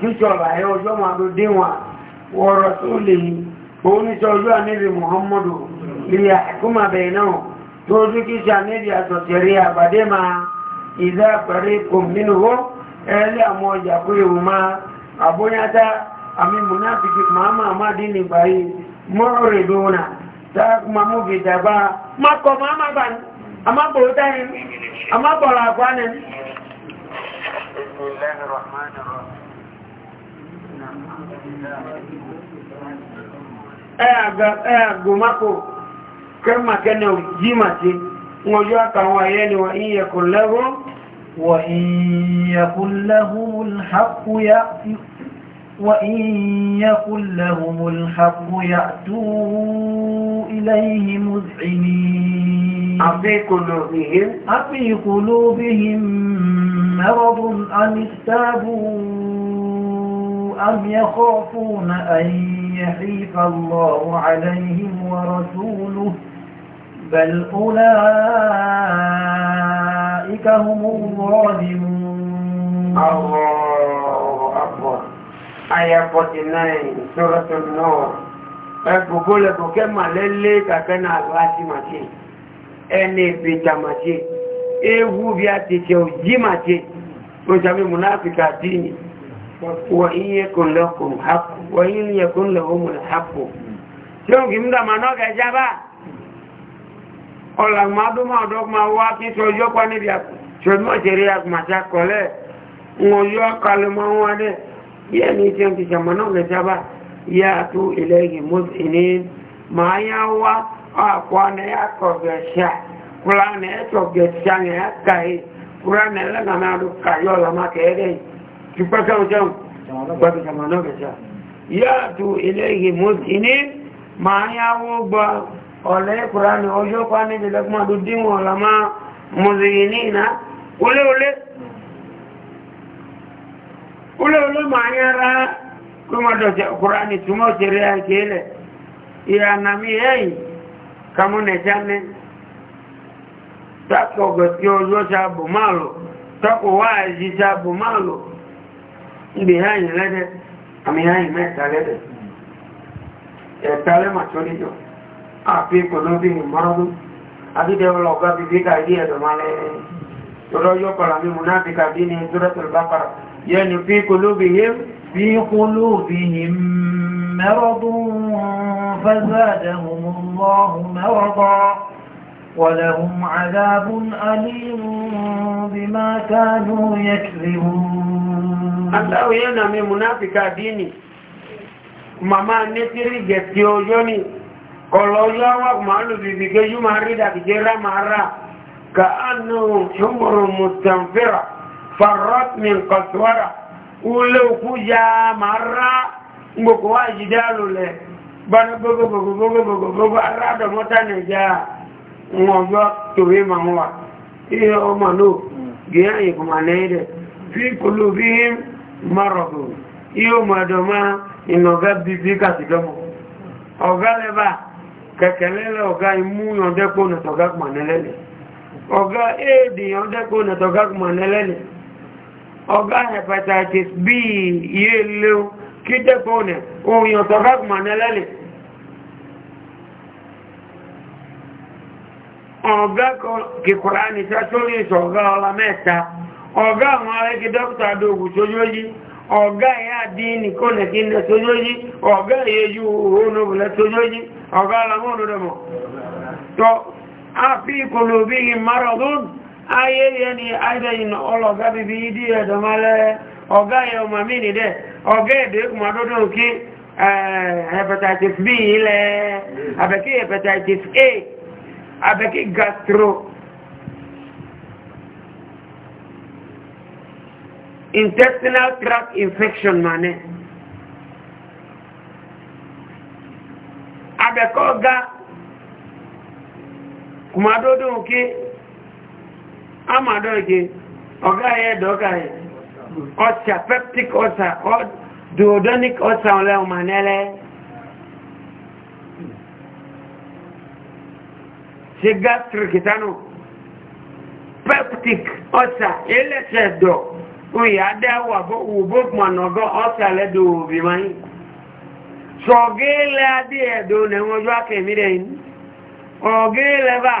kíṣọ́ láyé ọjọ́ máa ló dé wọn wọ́rọ̀ tó lè yí òun ní sọ ọjọ́ àníbi muhammadu ìyá ẹ̀kúnmá bẹ̀rẹ̀ náà tó dún kíṣọ́ àníbi àtọ̀tẹ̀rí àbàdé máa ìdá pẹ̀rẹ́ kò nínú hó ẹ̀ẹ́lẹ́ àwọn ọjà pé òun máa àbóyátá àmì mùnáfíkì màmá àmádìí nìgbà yìí mọ́ dáàkù máa mú fi dàgbà kọ máa máa bà ní àmábòrò dáyé àmábòrò àgbà ní ẹ àgbòmákò kẹ́màkẹ́nà yí màtí wọ́n ka àtàwọn ayẹ́ ni wọ́n yíyẹ̀kùn lẹ́rọ وإن يكن ya. وإن يقل لهم الحق يأتوا إليه مذعنين أفي قلوبهم أفي قلوبهم مرض أم استابوا أم يخافون أن يحيف الله عليهم ورسوله بل أولئك هم الظالمون الله أكبر aya 49 suratul nur ẹgbogbo lẹ́gbogbo màlẹ́lẹ́ kàkẹ́ náà láti màtí ẹni ìpìtà màtí ewu bí a ti tẹ̀ òjí màtí tó sàmì ma dínì wọ̀nyí yẹkùn lẹ́kùn hapù wọ̀nyí yẹkùn ma hapù tí ó يعني تيان تشمنون لسابا يأتوا إليه مذئنين ما يهوى أقوان يأكوب يشاء كلان يأكوب يشاء يأكاي كلان لنا ما يدوكا يولا ما كيري كيفاكا وشام بابي شمنون لسابا يأتوا إليه مذئنين ما يهوى ọ̀lẹ́ kùránì ọjọ́ pa níbi lẹ́gbọ́n àdúdíwọ̀n ọ̀làmá mọ̀síyìnì náà olé olé olóòlómọ anyára kó má dọ̀jẹ̀ kúránì túmọ̀ òṣèré àkílẹ̀ ìyànàmí ẹ̀yìn kàmú nẹ̀jánẹ́ tákọ̀ gẹ̀kẹ́ ọjọ́ sáàbù máa lò tákọ̀ wáàzí sáàbù máa lò ibi ẹ̀yìn lẹ́dẹ̀ àmì ẹ̀yìn mẹ́ta lẹ́dẹ̀ ẹ̀ta lẹ́mà tó níjọ àfi kò ló bí ìmọ́rọ́dún àti dẹ́wọ́lọ́ ọ̀gá bíbí ká ilé ẹ̀dọ̀ máa lẹ́yìn tó lọ́jọ́ kọ̀ọ̀lá mímú náà fi kàbí ní ìtúrẹ́tò bá yẹnu fi qulubihim fi qulubihim maradun fazadahum Allahu maradan ولهم عذاب أليم بما كانوا يكذبون الله ينا من منافق ديني màmá nítìrí gẹ̀ẹ́sì ọjọ́ ni ọlọ́yọ́ wà máa lò bìbì gẹ́jú máa rí dàbí jẹ́ rá máa rà ká ánà ṣúgbọ̀rọ̀ mùsànfẹ́ra فرت من قسورة ولو كجا مرة مكوا جدالو له bana gbogbo gbogbo gbogbo gbogbo aráàdọ̀ mọ́ta nìjá mọ̀jọ́ torí ma ń wà ihe ọmọ náà gẹ̀ẹ́ ìgbìmọ̀ lẹ́ẹ̀dẹ̀ fi kòlò bí i mọ́rọ̀bù ihe ọmọdọ̀ máa ìnàgá bíbí kàtìdọ́mọ̀ ọ̀gá lẹ́bà kẹ̀kẹ̀lẹ́lẹ́ ọ̀gá imú yọ̀ndẹ́kùn nẹ̀tọ̀gá ọgá hepatitis b yé léwu kí ọga ọ̀nà ohun yọ̀tọ̀ kákùnmà nẹ́lẹ́lẹ̀ ọgá kìkọ̀rá nìta tó ní ìṣọ̀ ọgá ọlá mẹ́ta ọgá àwọn arẹ́kì dókítà dóògùn sójóyí ọgá ìyá díìnì kọ́nẹ̀kínlẹ̀ sójóyí ọgá ìyẹjú òhun ikulu sójóyí ọgá alamọ́ ayé yẹni ayé yìí ọlọ́gá bíbí ìdí ẹ̀dọ̀mọ́lẹ́ ọgá yẹ ọmọ mí ní dẹ ọgá ẹ̀dẹ́ ìkùnmọ́dọ́dọ́ kí hepatitis b ilẹ̀ abẹ́kí hepatitis a abẹ́kí gastro intestinal tract infection mané abẹ́kọ́ ọgá ìkùnmọ́dọ́dọ́ kí. amadoge ọ̀gá ẹ̀ dọ́gá ẹ̀ ọ̀sà peptic ọ̀sà duodonic ọ̀sà ọ̀lẹ́ ọmọ nẹ́lẹ́ ṣe gastric tánù peptic ọ̀sà ẹlẹ́sẹ̀ dọ̀ ìyá dáwà wùbó mọ̀nàgọ́ ọ̀sà lẹ́dọ̀ òbí máa ń sọ̀gẹ́lẹ́ adé ẹ̀dọ̀ nẹ̀wọ̀n ọjọ́ akẹ́mí ọ̀gẹ́lẹ́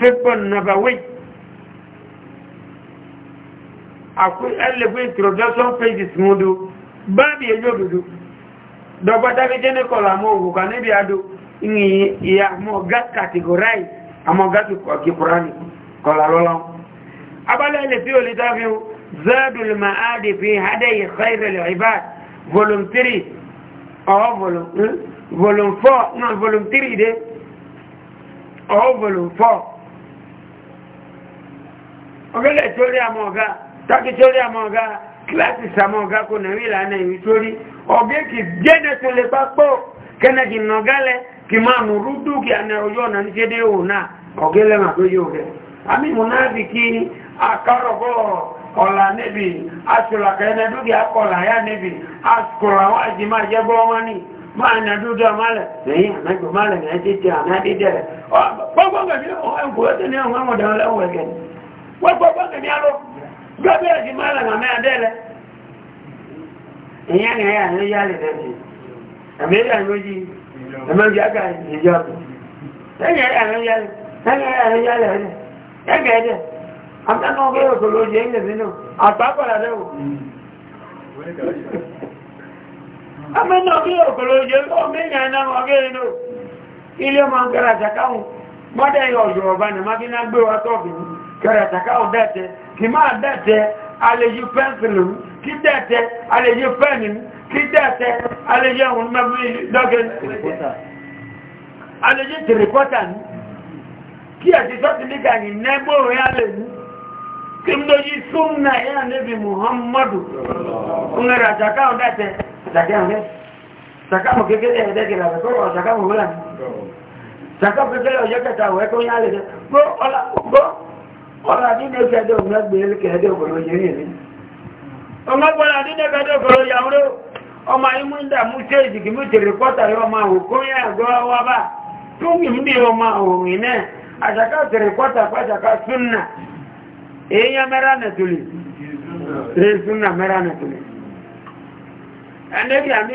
pépà nàbàwí ẹlẹ́gbẹ́ introduction pages múdú báàbí ẹjọ́ dúdú dọ̀gbátábí jẹ́nẹ́kọ̀ọ́ àmọ́ òwúkà níbi àdó ìyà àmọ́ gas category àmọ́ gas kìkùránì kọ̀lá lọ́lọ́ abálẹ́ ilẹ̀ tí ó lè dáfí ó zádùl ma'áàdì fi hádẹ́yì khairul ibad volume 3 ọ̀họ́ volume 4 hmm? náà volume 3 dé ọ̀họ́ volume ọ̀gẹ́lẹ̀ tó rí àmọ́ ọ̀gá tọ́kì tó rí àmọ́ ọ̀gá kíláàsì sàmọ́ ọ̀gá kò nàrí ìlànà ìwé tó rí ọ̀gẹ́ kì jẹ́nẹ̀ tó lè pápọ̀ kẹ́nẹ̀kì nọ̀gálẹ̀ kì máa mú rúdú kì àná ọjọ́ ọ̀nà ní kéde òun náà ọ̀gẹ́lẹ̀ mà tó yóò rẹ̀ àmì mùnáàbì kí akárọ̀bọ̀ ọ̀là níbi asùlàkẹ́nẹ́ dúkìá kọ̀là yá níbi asùkùlà wájì máa jẹ́ bọ́ wọn ní máa nà dúdú àmàlẹ̀ lẹ́yìn ànágbò máa lẹ̀ ní ẹ́ títí àná dídẹ̀ rẹ̀ gbọ́gbọ́gbẹ̀ ní ọ̀hún ẹ̀kú ẹ̀ wọ́pọ̀ pọ́kẹ̀ ní arọ́ gbọ́bẹ̀ ẹ̀sì máa lọ àmì àdẹ́rẹ́ ìyá ni ẹ̀yà ló yá lè lẹ́sì àmì ẹ̀yà ló yí ẹ̀mọ́jú ágà ìjọ ẹ̀yà ẹ̀yà ló yá lè ẹ̀yà ẹ̀yà ló yá lè ẹ̀yà ẹ̀gẹ̀ ẹ̀dẹ̀ àtàkùn ọgbẹ́ òkò ló yẹ ilẹ̀ nínú àtàkùn àdẹ́wò àmẹ́nà ọgbẹ́ òkò ló yẹ ó mẹ́yà náà ọgbẹ́ inú ilé ọmọ nǹkan àjàkáhùn mọ́dẹ̀ ọ̀yọ̀ ọ̀bá nà má kí ná gbé wa tọ́ọ̀bì ní kẹrẹ tàkàwò dẹ́tẹ kì máa dẹ́tẹ alẹ́yí pẹ́ńsìlì kí dẹ́tẹ alẹ́yí pẹ́ẹ̀nì kí dẹ́tẹ alẹ́yí ẹ̀hùn mẹ́rin dọ́gẹ́ alẹ́yí tìrìpọ́tà ní kí ẹ̀sì sọ́tìlíkà ní nẹ́gbòrin alẹ́ ní kí m lóyí súnmọ̀ ẹ̀yà níbi muhammadu ńlẹ̀rẹ̀ àtàkàwò dẹ́tẹ sàkàwò kékeré ẹ̀ẹ́dẹ́gẹ̀rẹ̀ àtàkàwò sàkàwò wúlà ní sàkàwò ọ̀rọ̀ àdínẹ́gbẹ̀ẹ́dẹ́ òun lẹ́gbẹ̀ẹ́lẹ́kẹ̀ẹ́dẹ́ òkòrò yẹ́ rẹ̀ ní ọmọ ọgbọ̀n àdínẹ́gbẹ̀ẹ́dẹ́ òkòrò yà ń rò ọmọ imú ń dàmú tí èjìkì kpọtara tèrè pọ́tà yọ ọmọ òkún yà gọ́ m dị tún yìí ń bí ọmọ kpọta náà àṣàká tèrè pọ́tà pàṣàká súnà èèyàn mẹ́ra nẹ̀tùlì rẹ̀ súnà mẹ́ra nẹ̀tùlì ẹnẹ́bí àmì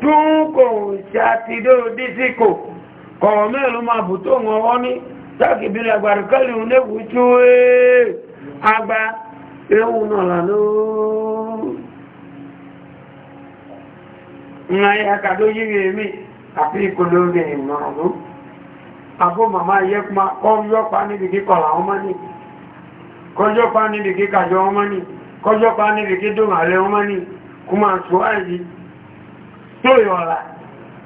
tún kò ṣàtìdó dísíkò kọ̀wọ̀ mẹ́rin máa bù tó wọn wọ́n ní sákìbílẹ̀ àgbàrùkẹ́lì onéwu tó ee eh, agba ewu náà lànà ní àkàdó yíri emi àfi ìkòlò rẹ̀ ìmọ̀rànlú àbó màmá níbi kíkọ̀ làwọn mọ́ ní kọ́yọ́pá níbi kíkàjọ níbi tó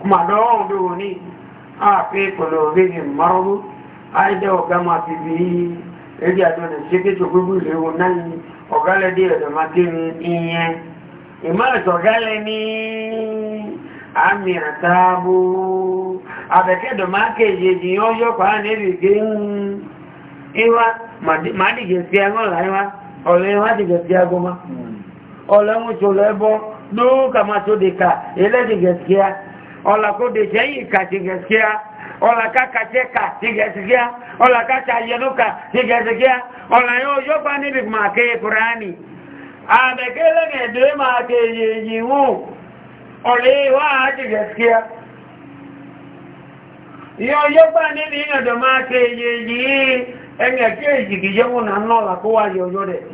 ma màdọ́ ọ̀dọ́ òní ààfẹ́ pẹ̀lú òbíni márùn àìjẹ́ ọ̀gá fi bí ẹgbẹ́ àjọ́nà ṣe kéjò gbogbo ìléwò náà ni ọ̀gálẹ́dé ẹ̀dọ̀ máa ké ní ìyẹn ìmọ̀lẹ̀tọ̀ ọ̀gálẹ́ ní àmì àtààbò àbẹ̀kẹ́dọ̀ máa ké yèyí ọjọ́ pàá níbi duka masu dika ilaji gaskiya ola ko da ke yi ka ci gaskiya ola ka ka ce ka ci gaskiya ola ka ta yi nuka ci gaskiya ola yau yau ba ni big ma ke kurani a da ke lage da ma ke yi yi mu ole wa ci gaskiya yau yau ba ni bi na da ma ke yi yi en ya ke jigi yau na nola ko wa yau de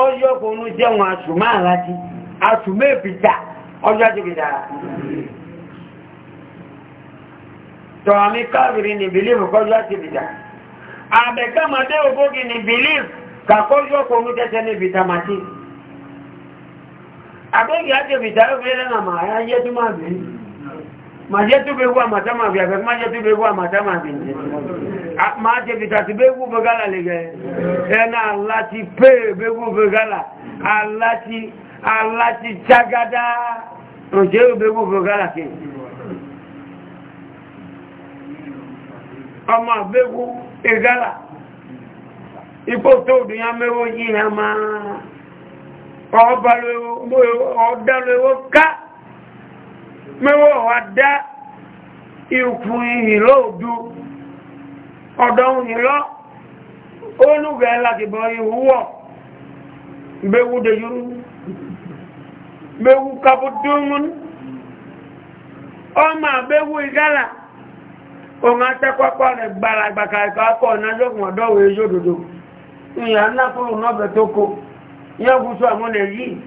ọjọ́ ọnụ jẹun àtùmá àláti àtùmé ìpìtà ọjọ́ àtìpìtà tọ́ káàkiri ní belief kọjọ́ àtìpìtà àbẹ̀kàmàdé ògbógi ní belief kàkọjọ́ kòrò tẹ́tẹ́ ní ìpìtà màtí àbẹ́gì àtìpìtà ó fẹ́ lẹ́nà majetu begu amatama vya kwa majetu begu amatama vinje maje vitati begu begala lege tena Allah ti pe begu begala Allah ti Allah ti chagada nje begu begala ke ama begu egala ipo to dunya mewo yi ama ọba lọ ọdá lọ ẹwọ ká mẹ́wọ́ wà dá ìkù ìhìlọ́ òdu ọ̀dọ̀ ìhìlọ́ olùgbẹ̀ lákìbọ̀ ìhúwọ̀ gbẹ̀wú dẹjú gbẹ̀wú kapùtùmùn gbaka àbẹ̀wú ìgálà na atẹ́kọ́kọ́ rẹ̀ gbàràgbàkà ìkọ́kọ́ ìnájọ́gùn ọ̀dọ́ ìyá na fún ọ̀nà ọ̀bẹ̀ tó kó yẹ́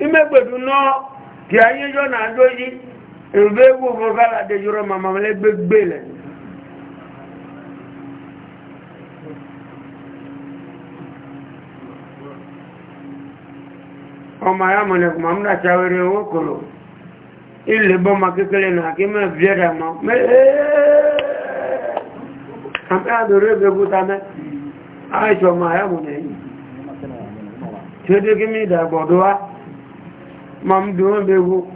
Ime gbedu nnọọ tụ anyị ịzụ ọnụ adọ ozi ebe egwu ụfọdụ ala dị jụrụ ọma n'egbegbe la. Ọma ayọmụnye ndị ọmụda chawere owokolo ịlụ ebe ọma kekele na akima ebie ya nọ mee. Amadu ruo ebe egwuregwu tamị. Ahụcha ọma ayọmụnye ndị otu edikere ịda gbọdụ ha. mamdun bewu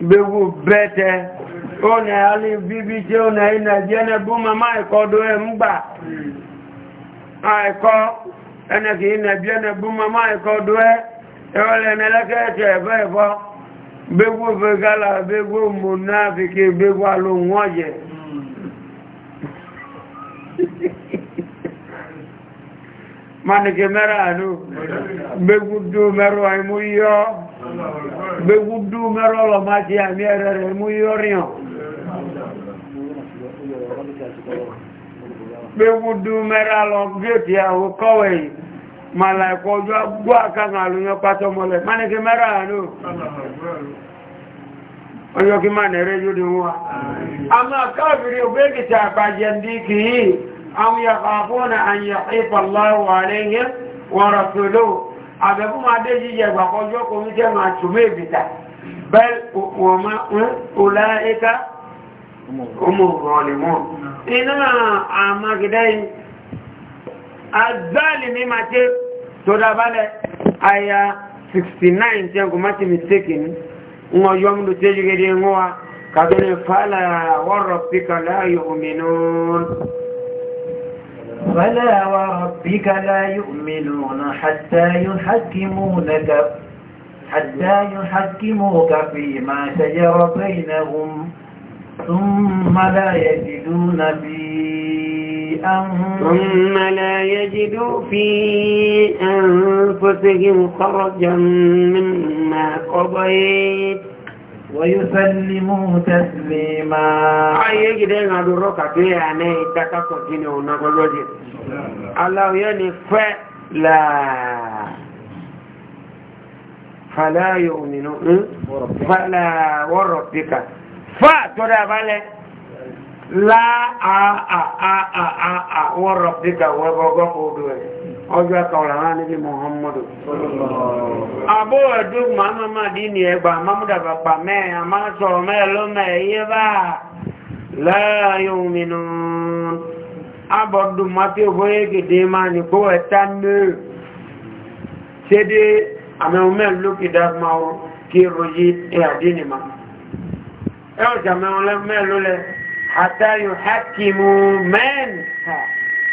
bewu na ó nà alì bíbí tí ó nà ìnà jẹ́nà bú mamá ẹ̀kọ́ dó na ń gbà ẹ̀kọ́ ẹnàkì ìnà jẹ́nà bú mamá ẹ̀kọ́ dó ẹ̀ ẹwọ́lẹ̀ ẹnẹlẹ́kẹ́ẹ̀kẹ́ ẹ̀fẹ́ ẹ̀fọ́ bewu gala bewu mùnáfikì bewu manike meranu be guddu meru ay muyo be guddu meru lo ma ci ay merere muyo rion be guddu meralo getia o kowei mala e ko jo gwa kanga lu nyo pato mole manike meranu Oyo ki manere yudi wa ama kabiri obegi cha pa jendiki أو يخافون أن يحيف الله عليهم ورسوله أبقى ما دجي يبقى جوكم جمع شميبتا بل وما أولئك هم الظالمون إنا أما كده الظالم ما تيب تدبالي آية 69 تيانكو ما تمتكين ويوم نتجي كده فلا وربك لا يؤمنون فلا وربك لا يؤمنون حتى يحكمونك حتى يحكموك فيما شجر بينهم ثم لا يجدون في ثم لا يجدوا في أنفسهم خرجا مما قضيت ويسلموا تسليما اي جدي غادو روكا تي اني دكا كوتيني ونغولوجي الله يعني ف لا فلا يؤمنون فلا وربك فترى بالك لا ا ا ا ا وربك وبغفو دوله ọjọ́ akọ̀ọ̀rọ̀ àwọn níbi muhammadu abó ẹ̀dùn mahamma dí ní ẹgbà mamudabapa mẹ́rin a máa sọ̀rọ̀ mẹ́lọ́mẹ́ iye bá láàáyùn mìnú abọ̀dùn mọ́tí òfóyé gèdè máa ní kó ẹ̀ta ní ṣédé àmẹ́hùnmẹ́ lókè dáfmáwó kí rojí ẹ̀yàdínìmá ẹ̀ ọ̀jà mẹ́rin lẹ́mẹ́ lólẹ̀ àtàyò hákìmù mẹ́rin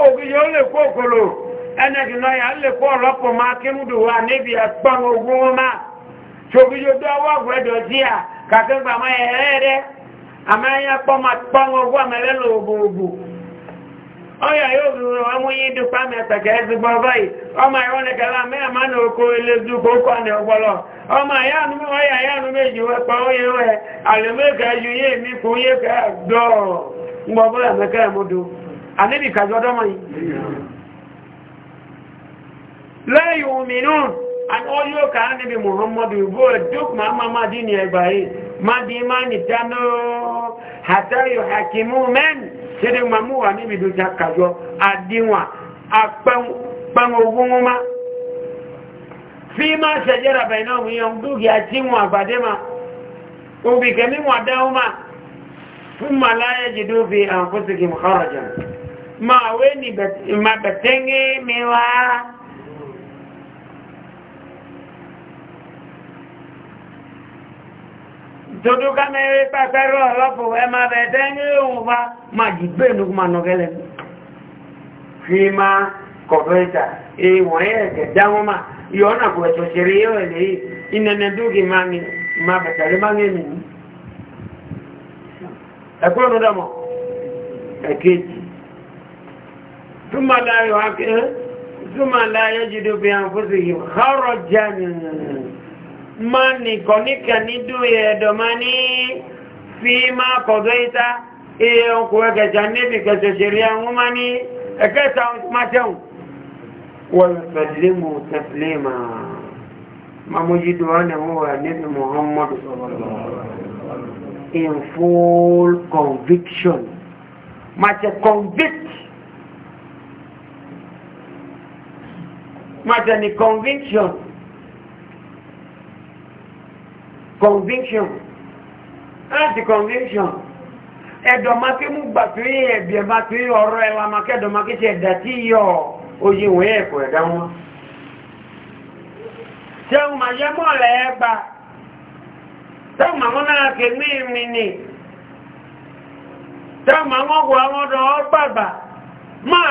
ògìyà ó lè kó òkòlò ẹnẹ́gì ya yà lè kó ọ̀lọ́pọ̀ máa kí múdù wà níbi ẹ̀pọ̀n ogun wọn máa ṣògìyà tó wà gbẹ́dọ̀ sí à kàkẹ́ gbà máa ẹ̀rẹ́ rẹ̀ ama ẹ̀yà pọ̀ máa pọ̀n ogun àmẹ́rẹ́ ya ọmọ yìí dúpá mẹ́tẹ̀kẹ́ ẹ̀sìgbọ́ báyìí ọmọ ìwọ́n ní rẹ̀ mi ń àníbì kàjọ ọdọ́mọ̀ yìí lẹ́yìn òmìnú àtọ́yọ́ ká níbi muhammadu bó duk ma máa dí ní ẹgbà yìí má dí má ní dáná àtẹ́yọ̀ hakimu mẹ́n tí ó ma mú wà níbi dúkà kàjọ àdíwọ̀n apẹ́wọ̀n fi ma ṣẹjẹ́ra bẹ̀rẹ̀ náà wíyàn dúkìá tí wọn àgbàdé ma òbìkẹ́ mímọ̀ dáhùn ma fún màláyé jìdó fi àwọn fóṣìkì mọ̀kànlá jẹun mawe ni mabetenge mewa dodo kamere papero olopo e mabetenge uwa majipenu kumanogele fima kobeta e woye ke dawoma yona kuweto sherio ele inene dugi mami mabetale mangeni ekwono damo ekeji ثم لا يعاقب ثم لا يجد بأنفسهم خرجا ما نكونك ندو يدماني فيما قضيت إيه وكوك جانبي كتشريا وماني أكتا وماتهم ويسلموا تسليما ما مجد أنا هو نبي محمد صلى الله عليه وسلم in full conviction. Must convict màtẹ̀ni conviction conviction láti conviction ẹ̀dọ̀mákí mú gbà tó yí ẹ̀bì ẹ̀bá tó yí ọ̀rọ̀ ẹ̀lámákí ẹ̀dọ̀mákí ti ẹ̀dà tí yọ oye ìwé ẹ̀kọ̀ ẹ̀dá wọn tẹ́hùn máa yẹ mọ́ ọ̀rẹ́ ẹgbà tẹ́hùn máa wọ́n náà kè mí mi nì tẹ́hùn máa wọ́n wọ àwọn ọ̀dọ̀ ọgbàgbà máa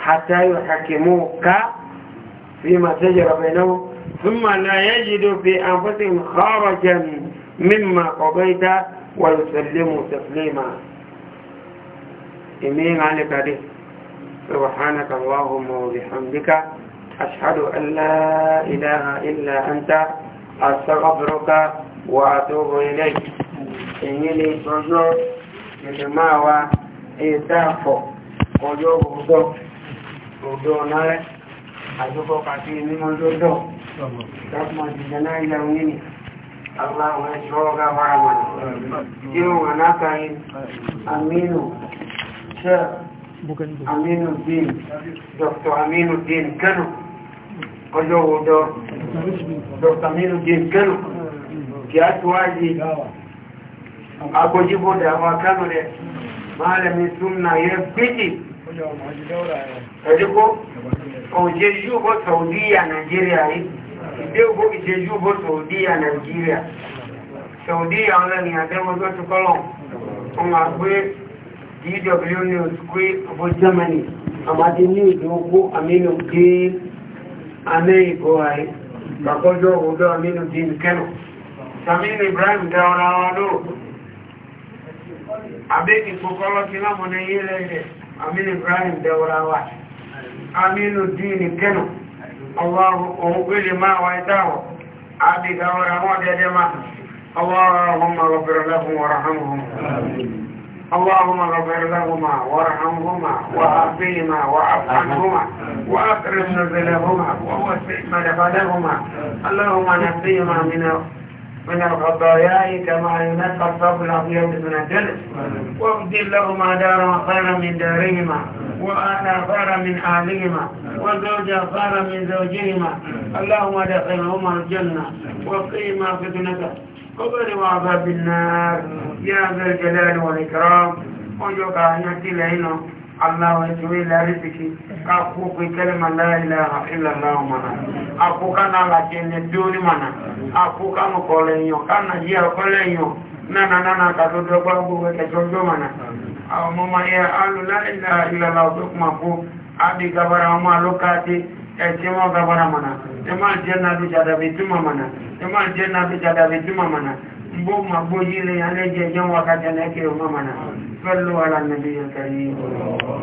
حتى يحكموك فيما تجرى بينهم ثم لا يجدوا في أنفسهم خارجا مما قضيت ويسلموا تسليما إمين عليك به سبحانك اللهم وبحمدك أشهد أن لا إله إلا أنت أستغفرك وأتوب إليك إنني سجود لما هو إيتافو قلوب òdó ọ̀nárẹ́ àjọpọ̀ kàtí mímọ́dọ́dọ̀ dákùnmọ̀dìjẹ̀ná ilẹ̀ oníni aláwọ̀ ẹjọ́ ọgá wáramọ̀dì tí ó wà nákàáyé aminu ṣẹ́ aminu dín dr aminu dín kẹ́nu ọjọ́ òdọ́ aminu dín kẹ́nu kí á tó wáyé agbójíbó dàwọn kánú rẹ̀ máa lẹ́mi súnmọ́ yẹ gbíjì ẹ̀dínkó òjè yúbọ̀ sọ̀díyà nàìjíríà yìí ìdéwò ìjè yúbọ̀ sọ̀díyà nàìjíríà sọ̀díyà ọlọ́ni àtẹ́mọ́tò ti kọ́lọ̀ wọn wà pé dw news pé ọ̀bọ̀ germany àmàdé ní ìlú ogbó amínú dé amẹ́yìnbó ayé bàkọ́jọ́ òwúdọ́ amínú dé kẹ́nà saminu ibrahim dá ọ̀rọ̀ àwọn lóò abẹ́kì kọ́kọ́lọ́ ti lámọ́ ní ilẹ̀ amínú ibrahim dá ọ̀rọ̀ àwọn àti aminu dini kenu allahu umukuli oh, ma waitahu abika waramoja jema allahumma ghafir lahum warhamhum اللهم غفر لهما وارحمهما وعافيهما wa عنهما واكرم نزلهما ووسع مدخلهما اللهم نقيهما من من الخطايا كما ينقى الصف الابيض من الدنس واغفر لهما دارا خيرا من دارهما وآلا خيرا من اهلهما وزوجا خيرا من زوجهما اللهم دخلهما الجنه وقيما فتنته قبل وعذاب النار يا ذا الجلال والاكرام وجوك ان ياتي Allah wajiwe la riziki kaku kwa kalima la ilaha illa Allah mana akuka na la kene duni mana akuka mkole nyo kana jia kole nyo nana nana katoto kwa buwe kachojo mana au mama ya alu la ilaha illa Allah tukuma ku abi gabara ma lokati echemo gabara mana emal jenna bi jada bituma mana emal jenna bi jada bituma mana بوم أبوجي لي أنا جي جوا كجنة كي أمامنا صلوا على النبي الكريم